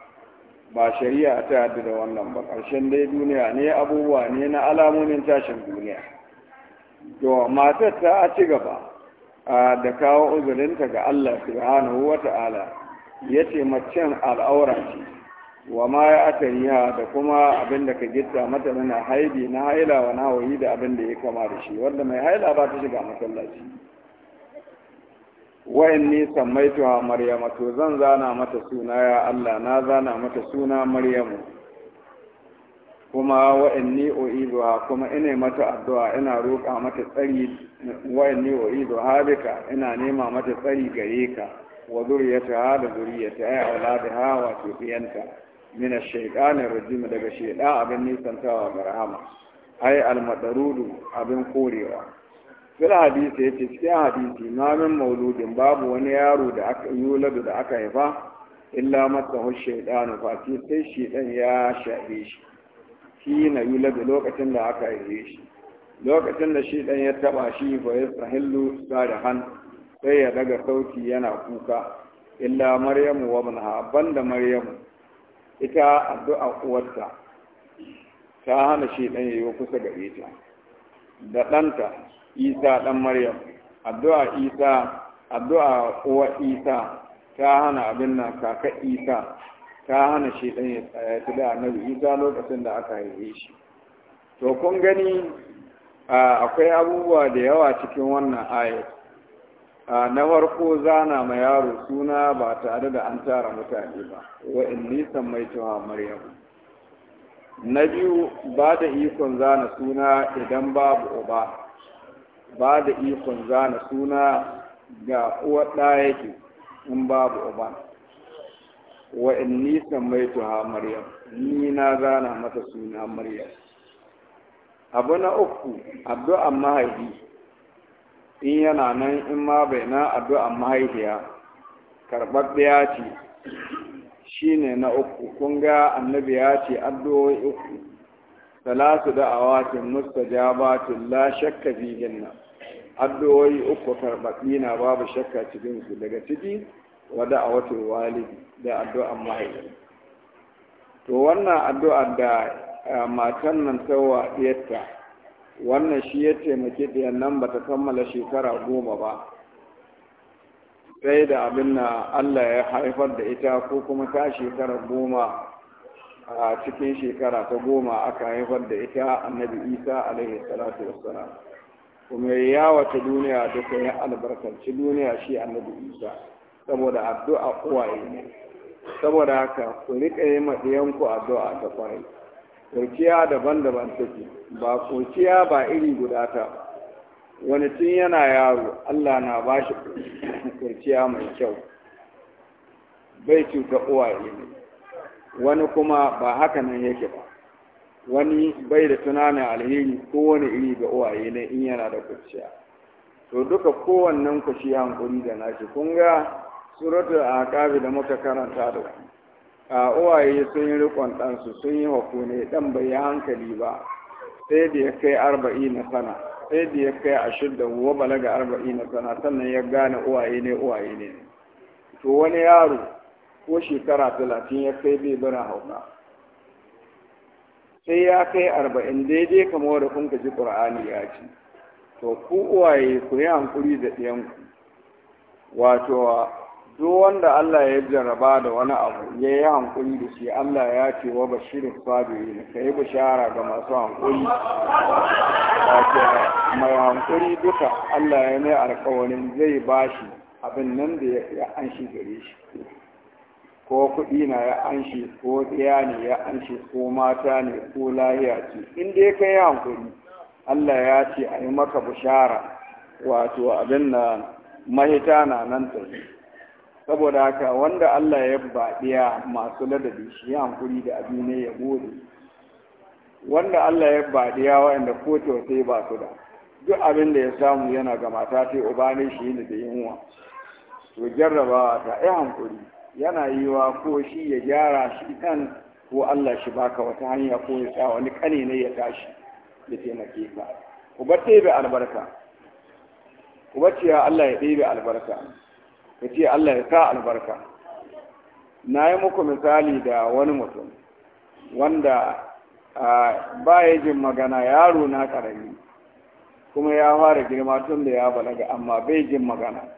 ba shari'a ta yarda da wannan ba ƙarshen dai duniya ne abubuwa ne na alamomin tashin duniya to matar ta ci gaba da kawo uzurinta ga Allah subhanahu wa ta'ala ya ce macen al'aura ce wa ma ya atariya da kuma abin da ka gitta mata na haidi na haila wa nawayi da abin da ya kama da shi wanda mai haila ba ta shiga masallaci wayan ni sammaitu ha maryama to zan zana mata suna ya Allah na zana mata suna maryamu kuma wayan ni uiduha kuma ina mata addu'a ina roƙa mata tsari wayan ni uiduha bika ina nema mata tsari gare ka wa zuriyata da zuriyata ay auladaha wa tiyanta min ash shaytani ar-rajim daga shayda abin nisantawa ga rahama ay al-madarudu abin korewa fil hadisi yace cikin hadisi ma min mauludin babu wani yaro da aka da aka haifa illa hu shaytanu fa sai shaytan ya shaɗe shi shi na yuladu lokacin da aka haife shi lokacin da shaytan ya taba shi fa yastahillu sarihan sai ya daga sauti yana kuka illa maryamu wa ibnaha banda maryamu ita addu'a uwarta ta hana shaytan yayi kusa gare ta da ɗanta isa ɗan maryam addu'a isa addu'a uwa isa ta hana abin nan kaka isa ta hana shi ɗan ya tsaya da annabi isa lokacin da aka haife shi to kun gani akwai abubuwa da yawa cikin wannan ayat na farko zana ma yaro suna ba tare da an tara mutane ba wa in nisan mai cewa maryam na biyu ba da ikon zana suna idan babu uba ba da ikon zana suna ga uwa ɗaya yake in babu uban wa in nisan mai tuha maryam ni na zana mata suna maryam abu na uku addu'a mahaifi in yana nan in ma bai na addu'an mahaifiya karɓaɓɓiya ce shine na uku kun ga annabi ya ce addu'o'i uku salatu da'awatin mustajabatin la shakka fihinna addu'o'i uku karɓaɓɓi na babu shakka cikin daga ciki wa da'awatul walidi da addu'an mahaifi to wannan addu'a da eh, matan nan tawa diyarta wannan shi ya taimake diyar nan ba ta kammala shekara goma ba sai da abin na Allah ya haifar da ita ko kuma ta shekara goma a cikin shekara ta goma aka haifar da ita annabi isa alaihi salatu wassalam kuma ya wata duniya duka ya albarkanci duniya shi annabi isa saboda addu'a uwaye ne saboda haka ku riƙa yi maɗiyanku addu'a ta kwarai kurciya daban-daban take ba kurciya ba iri guda ta wani tun yana yaro allah na ba shi kurciya mai kyau bai cuta uwaye ne wani kuma ba haka nan yake ba wani bai da tunanin alheri kowane iri ga uwaye ne in yana da kuciya to duka kowannen ku shi hankuri da nashi kun ga suratul aqabi da muka karanta da ku a uwaye sun yi rikon ɗansu sun yi hako ne ɗan bai yi hankali ba sai da ya kai arba'i na sana sai da ya kai ashirin da huwa balaga arba'i na sana sannan ya gane uwaye ne uwaye ne to wani yaro ko shekara talatin ya kai bai bara hauka sai ya kai arba'in daidai kamar wadda kun ji ƙur'ani ya ce to ku uwaye ku yi hankuri da ɗiyanku wato duk wanda Allah ya jarraba da wani abu ya yi hankuri da shi Allah ya ce wa bashirin ne, ka yi bishara ga masu hankuri wato mai hankuri duka Allah ya mai alkawarin zai bashi abin nan da ya an shi gare shi ko kuɗi na ya anshi ko tsaya ne ya anshi ko mata ne ko lahiya ce in dai ka yi hankuri Allah ya ce a yi maka bushara wato abin na mahita na nan ta saboda haka wanda Allah ya baɗiya masu ladabi shi ya hankuri da abin ne ya gode wanda Allah ya baɗiya wa'anda ko tausayi ba su da duk abin da ya samu yana ga mata sai uba ne shi ne da yunwa to jarrabawa ta yi hankuri yana wa ko shi ya gyara shi kan ko Allah shi baka wata hanya ko ya tsaya wani kane ne ya tashi da taimake ka ku bar ɗebe albarka ku bar cewa Allah ya ɗebe albarka ka ce Allah ya sa albarka na yi muku misali da wani mutum wanda ba ya jin magana yaro na ƙarami kuma ya fara girma tun da ya balaga amma bai jin magana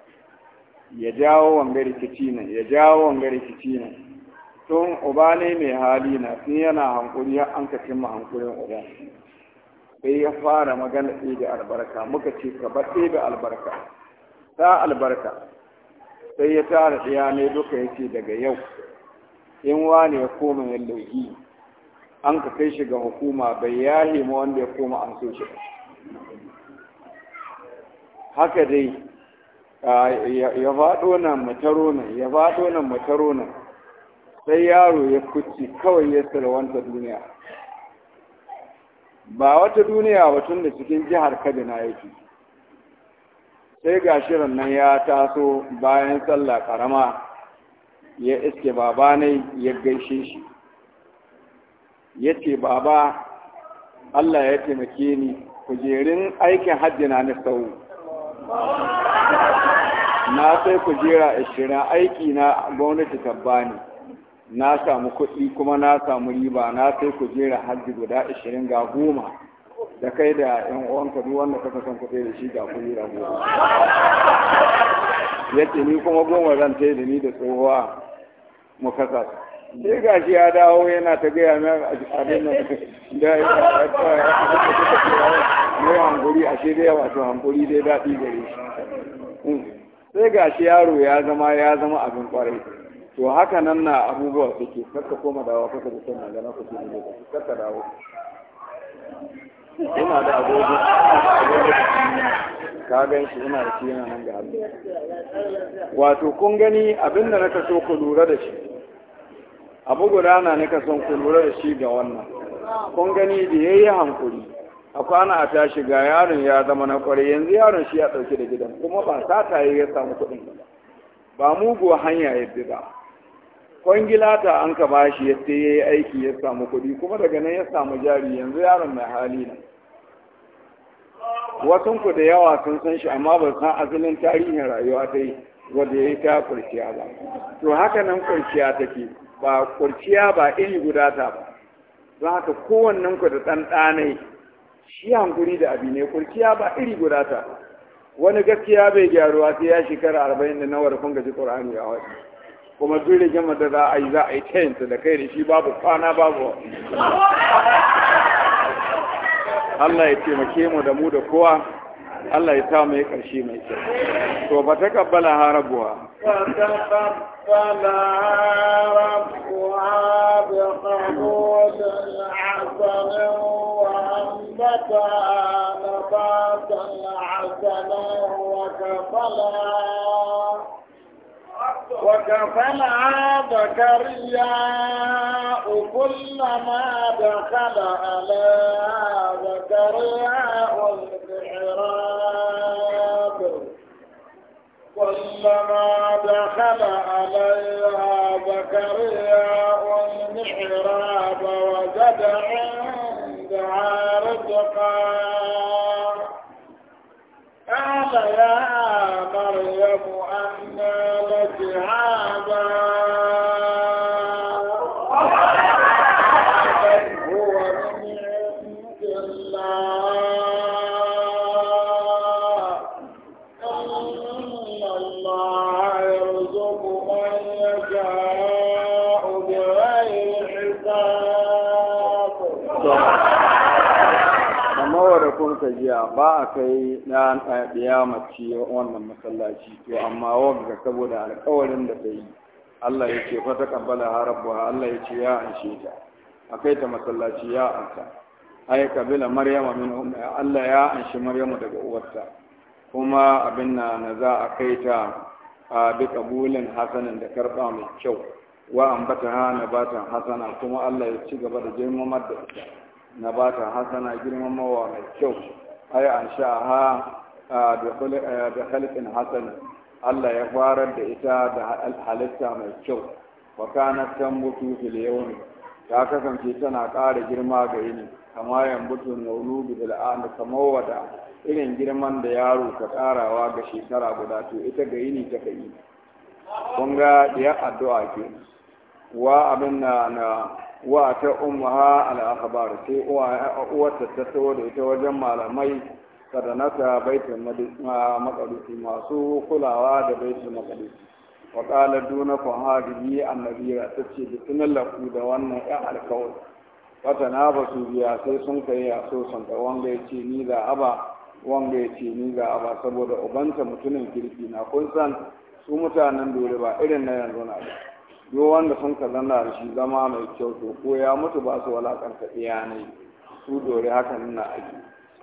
ya jawo wanga rikici ne ya jawo wanga rikici ne tun uba ne mai hali na tun yana hankuri an ka cimma hankurin uba sai ya fara magana da albarka muka ce ka bar da albarka ta albarka sai ya tara ɗaya ne duka ya ce daga yau in wani ya koma ya lauki an ka kai shi ga hukuma bai ya ma wanda ya koma an so shi haka dai ya faɗo nan mataro nan ya faɗo nan mataro nan sai yaro ya kuci kawai ya sarwanta duniya ba wata duniya ba tun da cikin jihar kaduna yake sai ga shirin nan ya taso bayan sallah karama ya iske baba ne ya gaishe shi ya ce baba allah ya taimake ni kujerin aikin hajji na na sau na sai kujera ashirin aiki na gwamnati ta bani na samu kuɗi kuma na samu riba na sai kujera hajji guda ashirin ga goma da kai da yan uwanka duk wanda kasa san kuɗi da shi ga da goma yace ni kuma goma zan tai da ni da tsohuwa mu kasa sai ga shi ya dawo yana ta gaya min abin nan da ya hankuri ashe da yawa to dai daɗi gare shi hmm. sai ga shi yaro ya zama ya zama abin kwarai to haka nan na abubuwa suke kakka koma dawa kuka da sannan gana ku sun da kakka dawo ina da agogo ka gan shi ina da shi yana nan ga abu. wato kun gani abin da naka so ku lura da shi abu guda na nika son ku lura da shi ga wannan kun gani da yayi hankuri a kwana a ta shiga yaron ya zama na kwarai yanzu yaron shi ya ɗauki da gidan kuma ba sata ya samu kuɗin ba ba muguwa hanya ya ba kwangila ta an ka shi ya yadda ya yi aiki ya samu kuɗi kuma daga nan ya samu jari yanzu yaron mai hali ne wasan ku da yawa sun san shi amma ba san asalin tarihin rayuwa ta yi wanda ya yi ta kurciya ba to haka nan kurciya take ba kurciya ba iri guda ta ba don haka kowannen ku da ɗanɗanai shi hankuri da abi ne kurciya ba iri guda ta wani gaskiya bai gyaruwa sai ya shekara arba'in da nawar kun gaji ƙorani a wani kuma duk rigimar da za a yi za a yi tayinta da kai da shi babu kwana babu Allah ya taimake mu da mu da kowa Allah ya sa mai ƙarshe mai kyau to ba ta kabbala harabuwa ربها بقبول حسن لك مطاطا حسنا وكفلا وكفلا زكرياء كلما دخل على زكرياء المحراب كلما دخل عليها زكرياء المحراب وجد عند والدعاء رزقا قال يا مريم أنى لك هذا gaskiya ba a kai ɗan ɗaya mace wannan masallaci to amma wagga saboda alkawarin da ta yi Allah ya ce fata kabbala harabba Allah ya ce ya anshe ta a kai ta masallaci ya ansa ai kabila maryama min umma Allah ya anshi maryamu daga uwarta kuma abin na na za a kai ta a bi kabulin hasanin da karba mai kyau wa ambata ha nabatan hasana kuma Allah ya ci gaba da girmamar da ita bata hasana girmamawa mai kyau ai an sha ha da halittin hasan Allah ya farar da ita da halitta mai kyau wa kana tambutu fil yawmi ta kasance tana ƙara girma ga yini kama yambutu naulu bil an da wada irin girman da yaro ka ƙarawa ga shekara guda to ita ga yini ta kai kun ga ya addu'a kenan wa abin na na wa ta umma al-akhbar sai uwa ta tattawo da ita wajen malamai sadanata baitul maqdisi masu kulawa da baitul maqdisi wa qala dunakum hadhihi annabiyya tace bismillah lafu da wannan ya alkawar fatana ba su biya sai sun kai ya so san da wanga ni da aba wanga ni da aba saboda ubanta mutumin kirki na kun san su mutanen dole ba irin na yanzu na ba yo wanda sun ka zanna da shi zama mai kyau to ko ya mutu ba su walakanta ne su dore hakan na aji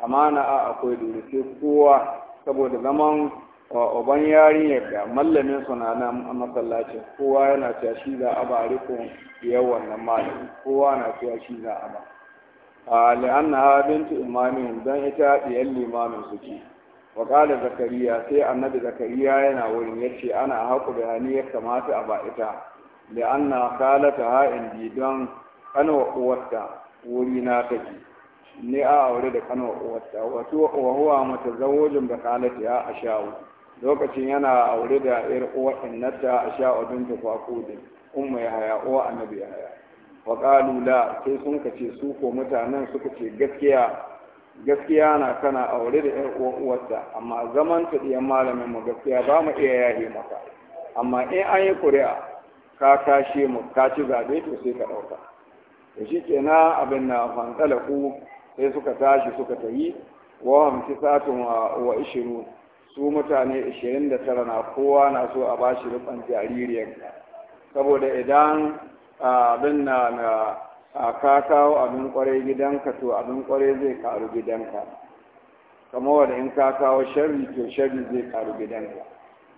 amana a akwai dole sai kowa saboda zaman uban yarinyar ga mallamin su na nan a masallacin kowa yana cewa shi za a ba rikon biyar wannan malami kowa na cewa shi za a ba a la'anna bintu imamin don ita ɗiyar limamin su ce waƙalar zakariya sai annabi zakariya yana wurin ya ce ana haƙu da hani ya kamata a ba ita da an na kalata ha'in bi don kanwa uwarta wuri na take ne a aure da kanwa uwarta wato wa huwa da kala ta ya ashawu lokacin yana aure da yar uwar don ta kwako kwakudin umma ya haya uwa annabi ya haya wa la sai sun kace su ko mutanen suka ce gaskiya gaskiya na kana aure da yar uwarta amma zaman ta iya malamin mu gaskiya ba mu iya yaye maka amma in an yi ƙuri'a. ka kashe mu ka ci zaɓe to sai ka ɗauka da shi ke na abin na ku sai suka tashi suka tayi wa hamsi satin wa ishirin su mutane ishirin da tara na kowa na so a ba shi rufan jaririyar saboda idan abin na na ka kawo abin kwarai gidanka to abin kwarai zai karu gidanka kamar wanda in ka kawo sharri to sharri zai karu gidanka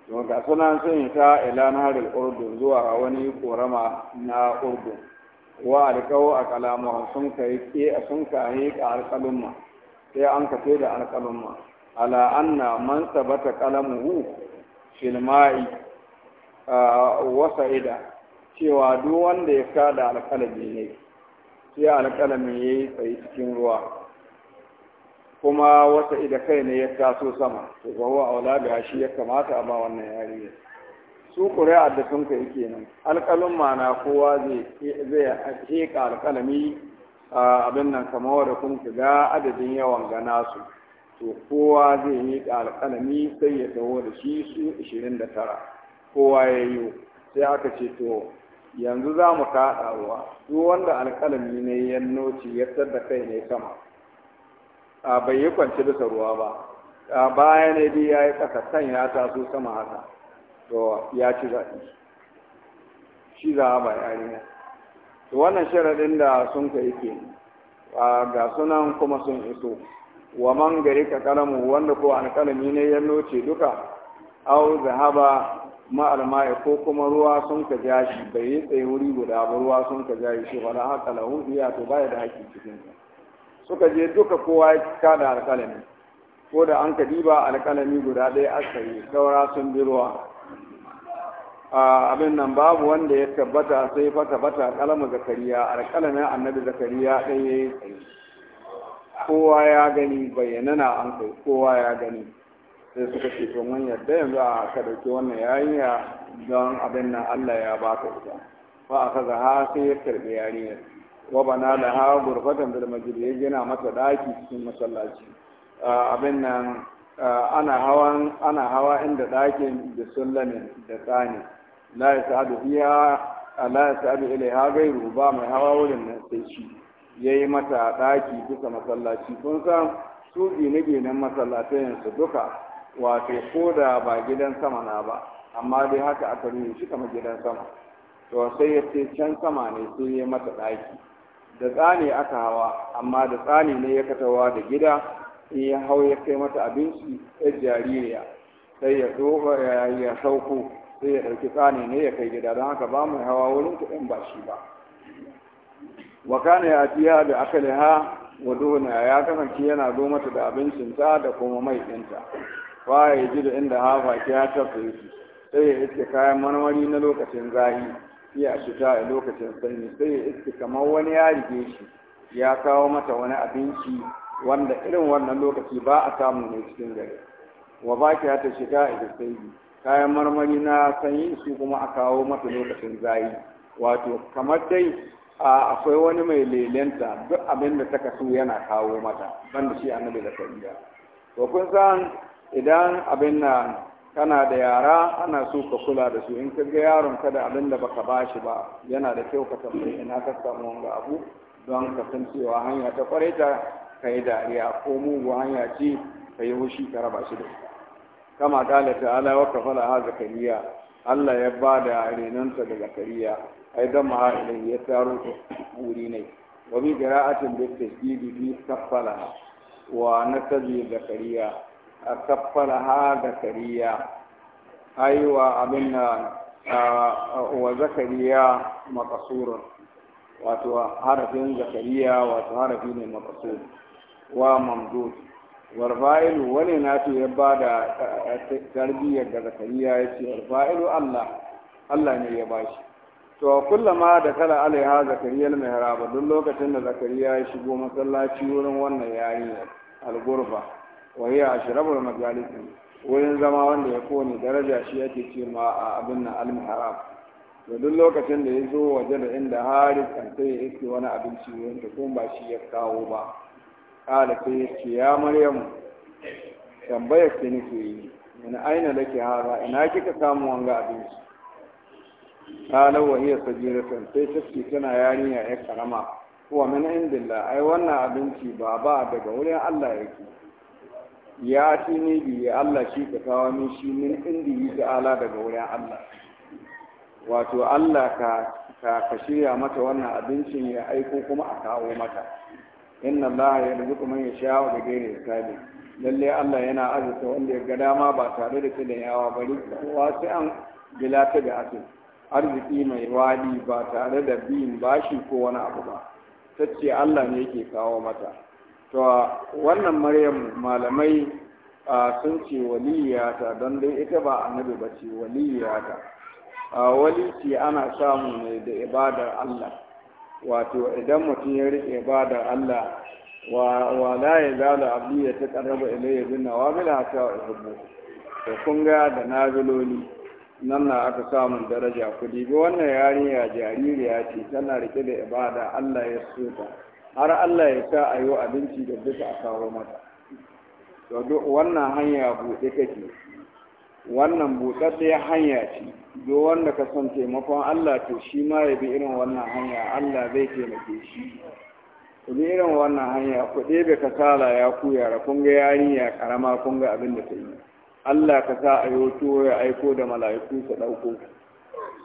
to ga sunan sun ta ila naharil urdun zuwa wani korama na urdun wa alkawo a kalamu sun kai ke sun kai ka alkalumma sai an kafe da alkalumma ala anna man sabata kalamuhu fil ma'i wa sa'ida cewa duk wanda ya kada alkalami ne sai alkalami yayi tsaye cikin ruwa kuma wata ida kai ne ya taso sama to ba wa aula da shi ya kamata a ba wannan yarinya su ƙuri'ar da sun kai kenan alƙalin mana kowa zai heƙa alƙalami abin nan kamar da kun ga adadin yawan gana su to kowa zai yi alƙalami sai ya dawo da shi su 29 kowa ya yi sai aka ce to yanzu za mu kaɗa ruwa Su wanda alƙalami ne ya noci ya da kai ne sama a bai yi kwanci bisa ruwa ba a baya ne dai ya yi ƙasa kan ya taso sama haka to ya ci zaɓi shi za a bai yarinya to wannan sharaɗin da sun ka yake ga sunan kuma sun iso wa man gari ka kalamu wanda ko alƙalami ne ya noce duka au zahaba ma'almai ko kuma ruwa sun ka ja bai yi tsaye wuri guda ba ruwa sun ka ja shi wala haka lahu iya to baya da haƙƙi cikin sa suka je duka kowa ya da alkalami, ko da an ka diba alƙalami guda ɗaya aka yi saura sun bi ruwa abin nan babu wanda ya tabbata sai fata bata kalama zakariya alkalamin annabi zakariya ɗaya ya yi tsaye kowa ya gani bayyana na an kai kowa ya gani sai suka ce to mun yadda yanzu a ka dauki wannan yarinya don abin nan Allah ya baka ita fa aka zaha sai ya karbi yarinyar wa bana da ha gurfatan da masjid ya gina mata daki cikin masallaci abin nan ana hawan ana hawa inda dakin da sullamin da tsani la yasadu fiha la yasadu ilaiha gairu ba mai hawa wurin nan sai shi yayi mata daki duka masallaci kun san su gine-ginen masallatai su duka wato ko da ba gidan sama na ba amma dai haka aka rubuta shi kamar gidan sama to sai ya ce can sama ne sai ya mata daki da tsani aka hawa amma da tsani ne ya katawa da gida in ya hau ya kai mata abinci ya jaririya sai ya ya sauko sai ya ɗauki tsani ne ya kai gida don haka ba mai hawa wurin kuɗin ba shi ba wa kana ya fiya da akaliha wa dona ya kasance yana zo mata da abincinta da kuma mai ɗinta fa ya ji da inda hafa ya tafi sai ya iske kayan marmari na lokacin zahi fi a shita a lokacin sanyi sai ya iske kamar wani ya rige shi ya kawo mata wani abinci wanda irin wannan lokaci ba a samu ne cikin gari wa ba ki hata shiga a sanyi kayan marmari na sanyi su kuma a kawo mata lokacin zayi wato kamar dai akwai wani mai lelenta duk abin da ta kasu yana kawo mata banda shi annabi da sanyi to kun san idan abin kana da yara ana so ka kula da su in ka ga yaron ka da abin da baka bashi ba yana da kyau ka tambayi ina ka samu wanga abu don ka san cewa hanya ta kware ta ka yi dariya ko mugu hanya ce ka yi hushi ka raba shi da ita kama kala ala wa kafala ha zakariya Allah ya ba da renonta da zakariya ai don ma'a'ilin ya taro wuri ne wa bi qira'atin bi tasdidi bi kafala wa nasabi zakariya a kaffara ha da kariya aiwa abin da wa zakariya makasurun wato harafin zakariya wato harafi ne makasur wa mamdud warfa'ilu wani na ce ya ba da tarbiyyar da zakariya ya ce warfa'ilu allah allah ne ya ba shi to kullama da kala alaiha zakariyar mihraba duk lokacin da zakariya ya shigo masallaci wurin wannan yarinya algurba waye a shirabar majalisi wurin zama wanda ya kone daraja shi yake ce a abin nan almiharab da duk lokacin da ya zo waje da inda haris kan sai ya wani abinci wanda kuma ba shi ya kawo ba kala sai ya ya maryamu tambayar ki nake yi wani aina da ke haza ina kika samu wanga abinci kala wa sajira kan sai take tana yarinya ya karama kuwa min indillah ai wannan abinci ba ba daga wurin Allah yake ya ci ne biye Allah shi ka kawo min shi min indi yi ala daga wurin Allah wato Allah ka ka shirya mata wannan abincin ya aiko kuma a kawo mata inna Allah ya rubuta man ya sha wa daga ne lalle Allah yana azuta wanda ya ga dama ba tare da kidan yawa bari kowa sai an ta da asin arziki mai wadi ba tare da biyin bashi ko wani abu ba tacce Allah ne yake kawo mata to wannan maryam malamai sun ce waliyata don dai ita ba annabi ba ce waliyata ce ana samu ne da ibadar Allah wato idan mutum ya riƙe ibadar Allah wa la ya zala abdi ya taqarraba wa bin nawafil wa uhibbu to kun ga da nabiloli nan na aka samun daraja kudi bi wannan yarinya jaririya ce tana riƙe da ibada Allah ya so har Allah ya sa a yi abinci da duka a kawo mata wannan hanya buɗe kake. wannan buɗaɗɗiyar hanya ce duk wanda ka son taimakon Allah to shi ma ya bi irin wannan hanya Allah zai taimake shi ku bi irin wannan hanya ku ka kasala ya ku yara kun ga yarinya karama kun ga abin da ta yi Allah ka sa a yoto ya aiko da mala'iku su ɗauko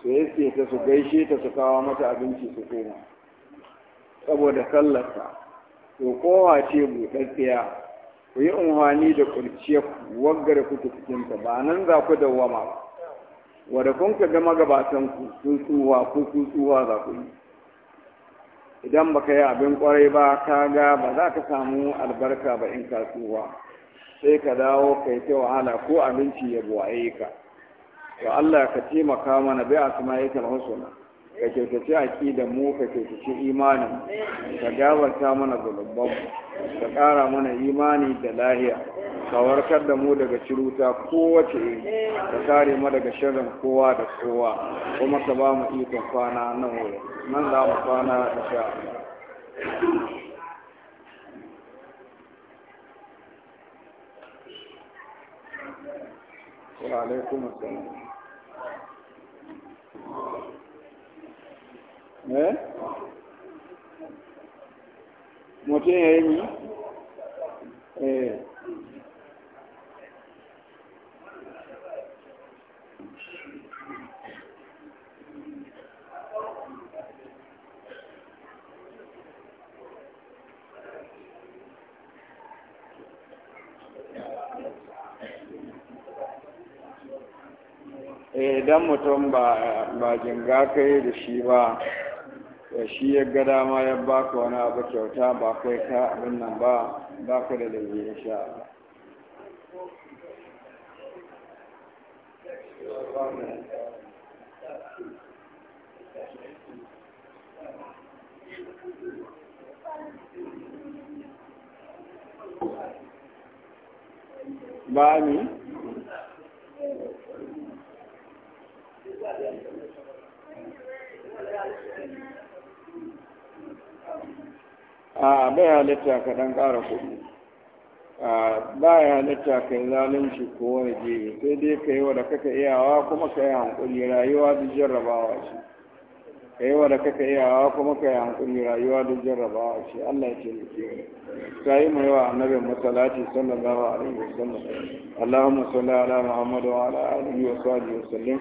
su yake ta su gaishe ta su kawo mata abinci su koma saboda sallarsa to kowa ce buɗaɗɗiya ku yi unhwani da wagga da kuke cikinta ba nan za ku dawwama ba wadda kun ka gama gabatan ku sun tsuwa ko sun tsuwa za ku yi idan baka yi abin kwarai ba ka ga ba za ka samu albarka ba in kasuwa, sai ka dawo kai ta wahala ko abinci ya buwaye ka to Allah ka taimaka mana bai a asma'ikal husna ka kyautace aƙidan mu ka kyautace imani ka gabata mana zulubban ka ƙara mana imani da lahiya ka warkar da mu daga ciruta kowace yi ka kare mu daga shirin kowa da kowa kuma ka ba mu ikon kwana nan wuri nan za mu kwana da sha eh mutum ya yi ni idan eh. eh, mutum ba jinga kai da shi ba shi ya ga dama ya baka wani abu kyauta ba kai ka abin nan ba ba ka da laifi sha. ba a ya halitta ka dan ƙara kuɗi a ya halitta ka yi zalunci ko wani jibi sai dai ka yi wa da kaka iyawa kuma ka yi hankuli rayuwa duk jarrabawa ce ka yi wa da kaka iyawa kuma ka yi hankuli rayuwa duk jarrabawa ce Allah ya taimake mu ka yi mai wa annabin masalati sallallahu alaihi wasallam Allahumma salli ala Muhammad wa ala alihi wa sahbihi wa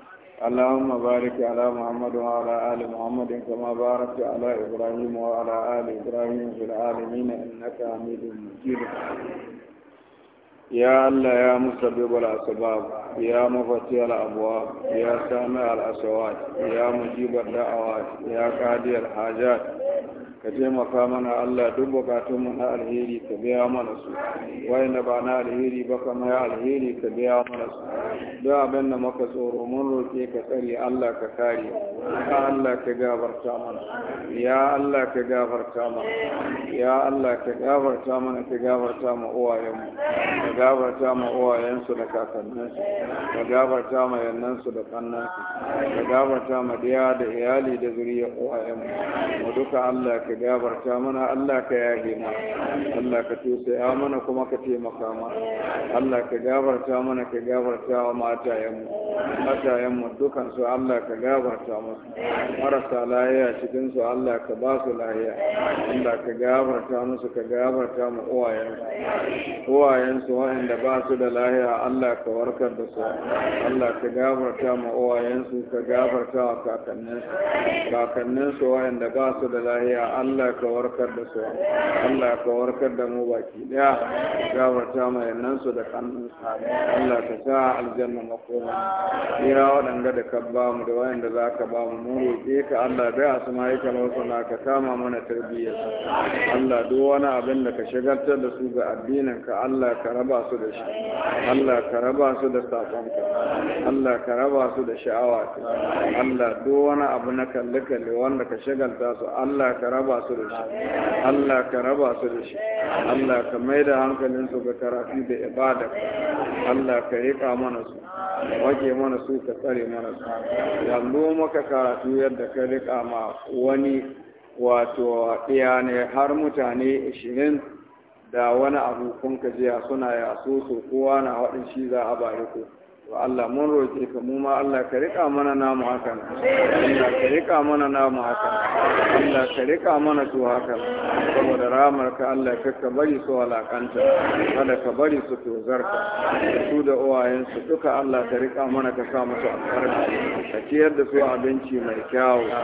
اللهم بارك على محمد وعلى آل محمد كما باركت على إبراهيم وعلى آل إبراهيم في العالمين إنك حميد مجيد يا الله يا مسبب الأسباب يا مفتي الأبواب يا سامع الأصوات يا مجيب الدعوات يا قاضي الحاجات ka taimaka mana Allah duk bukatunmu na alheri ka biya mana su wayanda ba na alheri ba ka mai alheri ka biya mana su duk abin da maka tsoro mun roƙe ka tsare Allah ka kare ya Allah ka gabarta mana ya Allah ka gabarta mana ya Allah ka gabarta mana ka gabarta ma uwayenmu ka gabarta ma uwayensu da kakanninsu ka gabarta ma yannansu da su. ka gabarta ma diya da iyali da zuriyar uwayenmu mu duka Allah ka ka gabarta mana Allah ka yahe mana Allah ka tusaya mana kuma ka taimaka mana Allah ka gabarta mana ka gabarta wa matayenmu matayenmu dukan su Allah ka gabarta musu marasa lahiya cikin su Allah ka ba su lahiya Allah ka gabarta musu ka gabarta mu uwayensu uwayensu waɗanda ba su da lahiya Allah ka warkar da su Allah ka gabarta mu uwayensu ka gabarta wa kakanninsu kakanninsu waɗanda ba su da lahiya Allah ka warkar da su Allah ka warkar da mu baki daya gafarta mai nan su da kannun Allah ka sa aljanna makoma ira wadanda da ka ba mu da wayanda za ka ba mu mun roƙe ka Allah bai asma yake na ka kama mana tarbiyyar Allah duk wani abin da ka shagaltar da su ga addinin ka Allah ka raba su da shi Allah ka raba su da ka Allah ka raba su da sha'awa Allah duk wani abu na kalle kalle wanda ka shagalta su Allah ka raba raba su da shi Allah ka raba su da shi Allah ka mai da hankalin su ga karafi da ibada Allah ka rika mana su wake mana su ka tsare mana su yanzu maka karatu yadda ka rika ma wani wato ne har mutane ishirin da wani abu kun suna yaso su kowa na waɗin shi za a bari ku. to Allah mun roƙe ka mu ma Allah ka rika mana namu hakan Allah ka rika mana namu hakan Allah ka rika mana to hakan saboda ramar ka Allah ka ka bari su alakanta kada ka bari su tozarka su da uwayen su duka Allah ka rika mana ka sa musu albarka ka ciyar da su abinci mai kyawu ka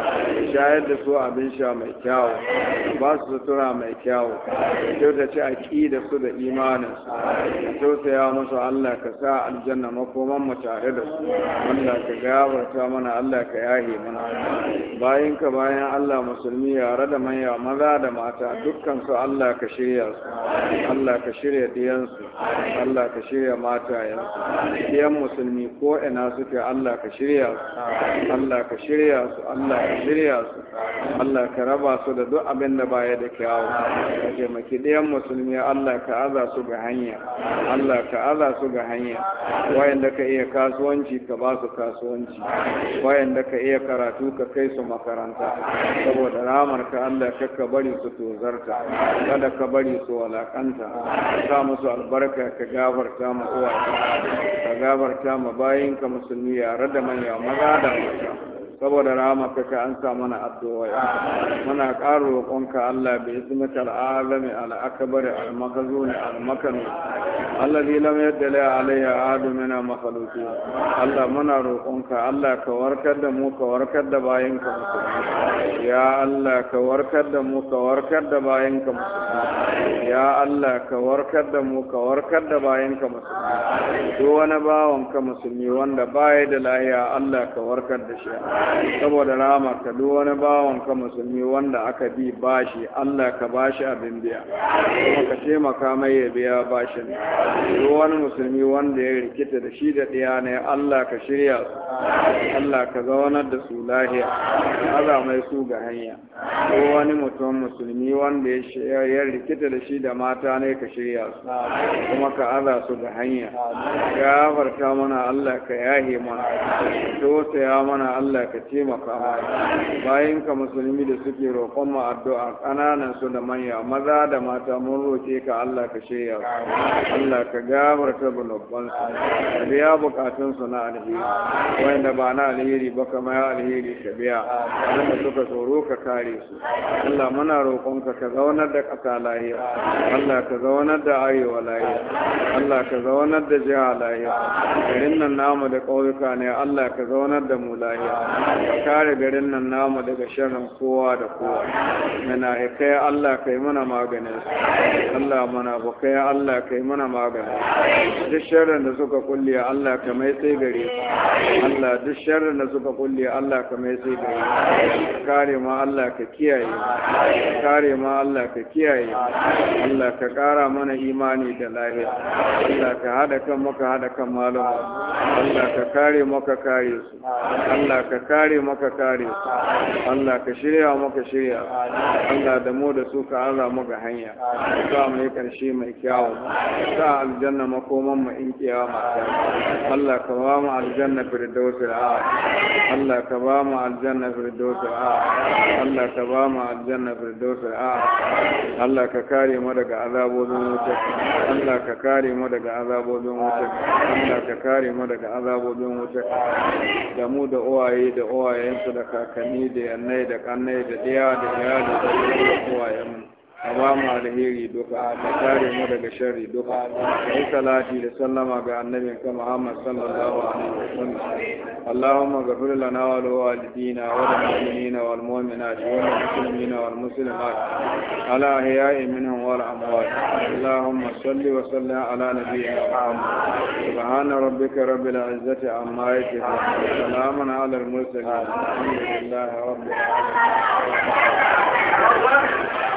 shayar da su abin sha mai kyawu ba su sutura mai kyawu ka kyautace aqida su da imanin su ka tausaya musu Allah ka sa aljanna makoma zaman mu tare da su Allah ka gabarta mana Allah ka yahe mana bayan ka bayan Allah musulmi yare da manya maza da mata dukkan su Allah ka shirya su Allah ka shirya diyan su Allah ka shirya matayen su diyan musulmi ko ina suke Allah ka shirya su Allah ka shirya su Allah ka shirya su Allah ka raba su da duk abin da baya da kyawu ka taimaki diyan musulmi Allah ka aza su ga hanya Allah ka aza su ga hanya wayanda ka iya kasuwanci ka ba su kasuwanci bayan da ka iya karatu ka kai su makaranta saboda ramar ka Allah ka ka bari su tozarta kada ka bari su walakanta sa musu albarka ka gafarta ma uwa ka gafarta mu bayin ka musulmi yare da manya maza da mata saboda rahamaka ka an sa mana addu'o'i muna ƙara roƙonka Allah bi ismikal alami al akbar al makhzun al makan alladhi lam yadla alayhi ahad min al makhluqin Allah muna roƙonka Allah ka warkar da mu ka warkar da bayin ka ya Allah ka warkar da mu ka warkar da bayin ka ya Allah ka warkar da mu ka warkar da bayin ka musulmi duk wani bawon ka musulmi wanda baya da lahiya Allah ka warkar da shi saboda rama ka duk wani bawon ka musulmi wanda aka bi bashi Allah ka bashi abin biya kuma ka taimaka mai ya biya bashin duk wani musulmi wanda ya rikita da shi da ɗiya ne Allah ka shirya su Allah ka zaunar da su lahiya ka mai su ga hanya duk wani mutum musulmi wanda ya rikita da shi da mata ne ka shirya su kuma ka aza su ga hanya gafarta mana Allah ka yahe mana ka ya mana Allah ka ka taimaka bayan ka musulmi da suke roƙon mu addu'a ƙananan su da manya maza da mata mun roƙe ka Allah ka shirya Allah ka ta bulubban su ka biya bukatun su na alheri wanda ba na alheri ba kama ya alheri ka biya wanda suka tsoro ka kare su Allah muna roƙon ka ka zaunar da ƙasa lahiya Allah ka zaunar da arewa lahiya Allah ka zaunar da jiha lahiya garin nan namu da ƙauyuka ne Allah ka zaunar da mu lahiya ka kare garin nan namu daga sharrin kowa da kowa mana hikai Allah kai mana maganin Allah mana bukai Allah kai mana maganin duk sharrin da suka kulle Allah ka mai sai gare Allah duk sharrin da suka kulle Allah ka mai sai gare kare ma Allah ka kiyaye kare ma Allah ka kiyaye Allah ka kara mana imani da lafiya Allah ka hada kan maka hada kan malama Allah ka kare maka kare su Allah ka kare kare maka kare Allah ka shirya maka shirya Allah da mu da su ka arza maka hanya sa mu yi karshe mai kyawu sa aljanna makoman mu in kiyama Allah ka ba mu aljanna firdausi a Allah ka ba mu aljanna firdausi a Allah ka ba mu aljanna firdausi a Allah ka kare mu daga azabobin wuta Allah ka kare mu daga azabobin wuta Allah ka kare mu daga azabozin wuta da mu da uwaye da uwayensu da kakanni da yannai da kannai da ɗiya da iyali da kowayenmu ka ba mu alheri duka ka kare mu daga sharri duka kai salati da sallama ga annabin ka Muhammad sallallahu alaihi wasallam Allahumma ghfir lana wa li walidina wa lil mu'minina wal mu'minat wa lil muslimina wal muslimat ala ahya'i minhum wal amwat Allahumma salli wa sallim ala nabiyyina Muhammad subhana rabbika rabbil izzati amma yasifun salamun ala al mursalin alhamdulillahi rabbil alamin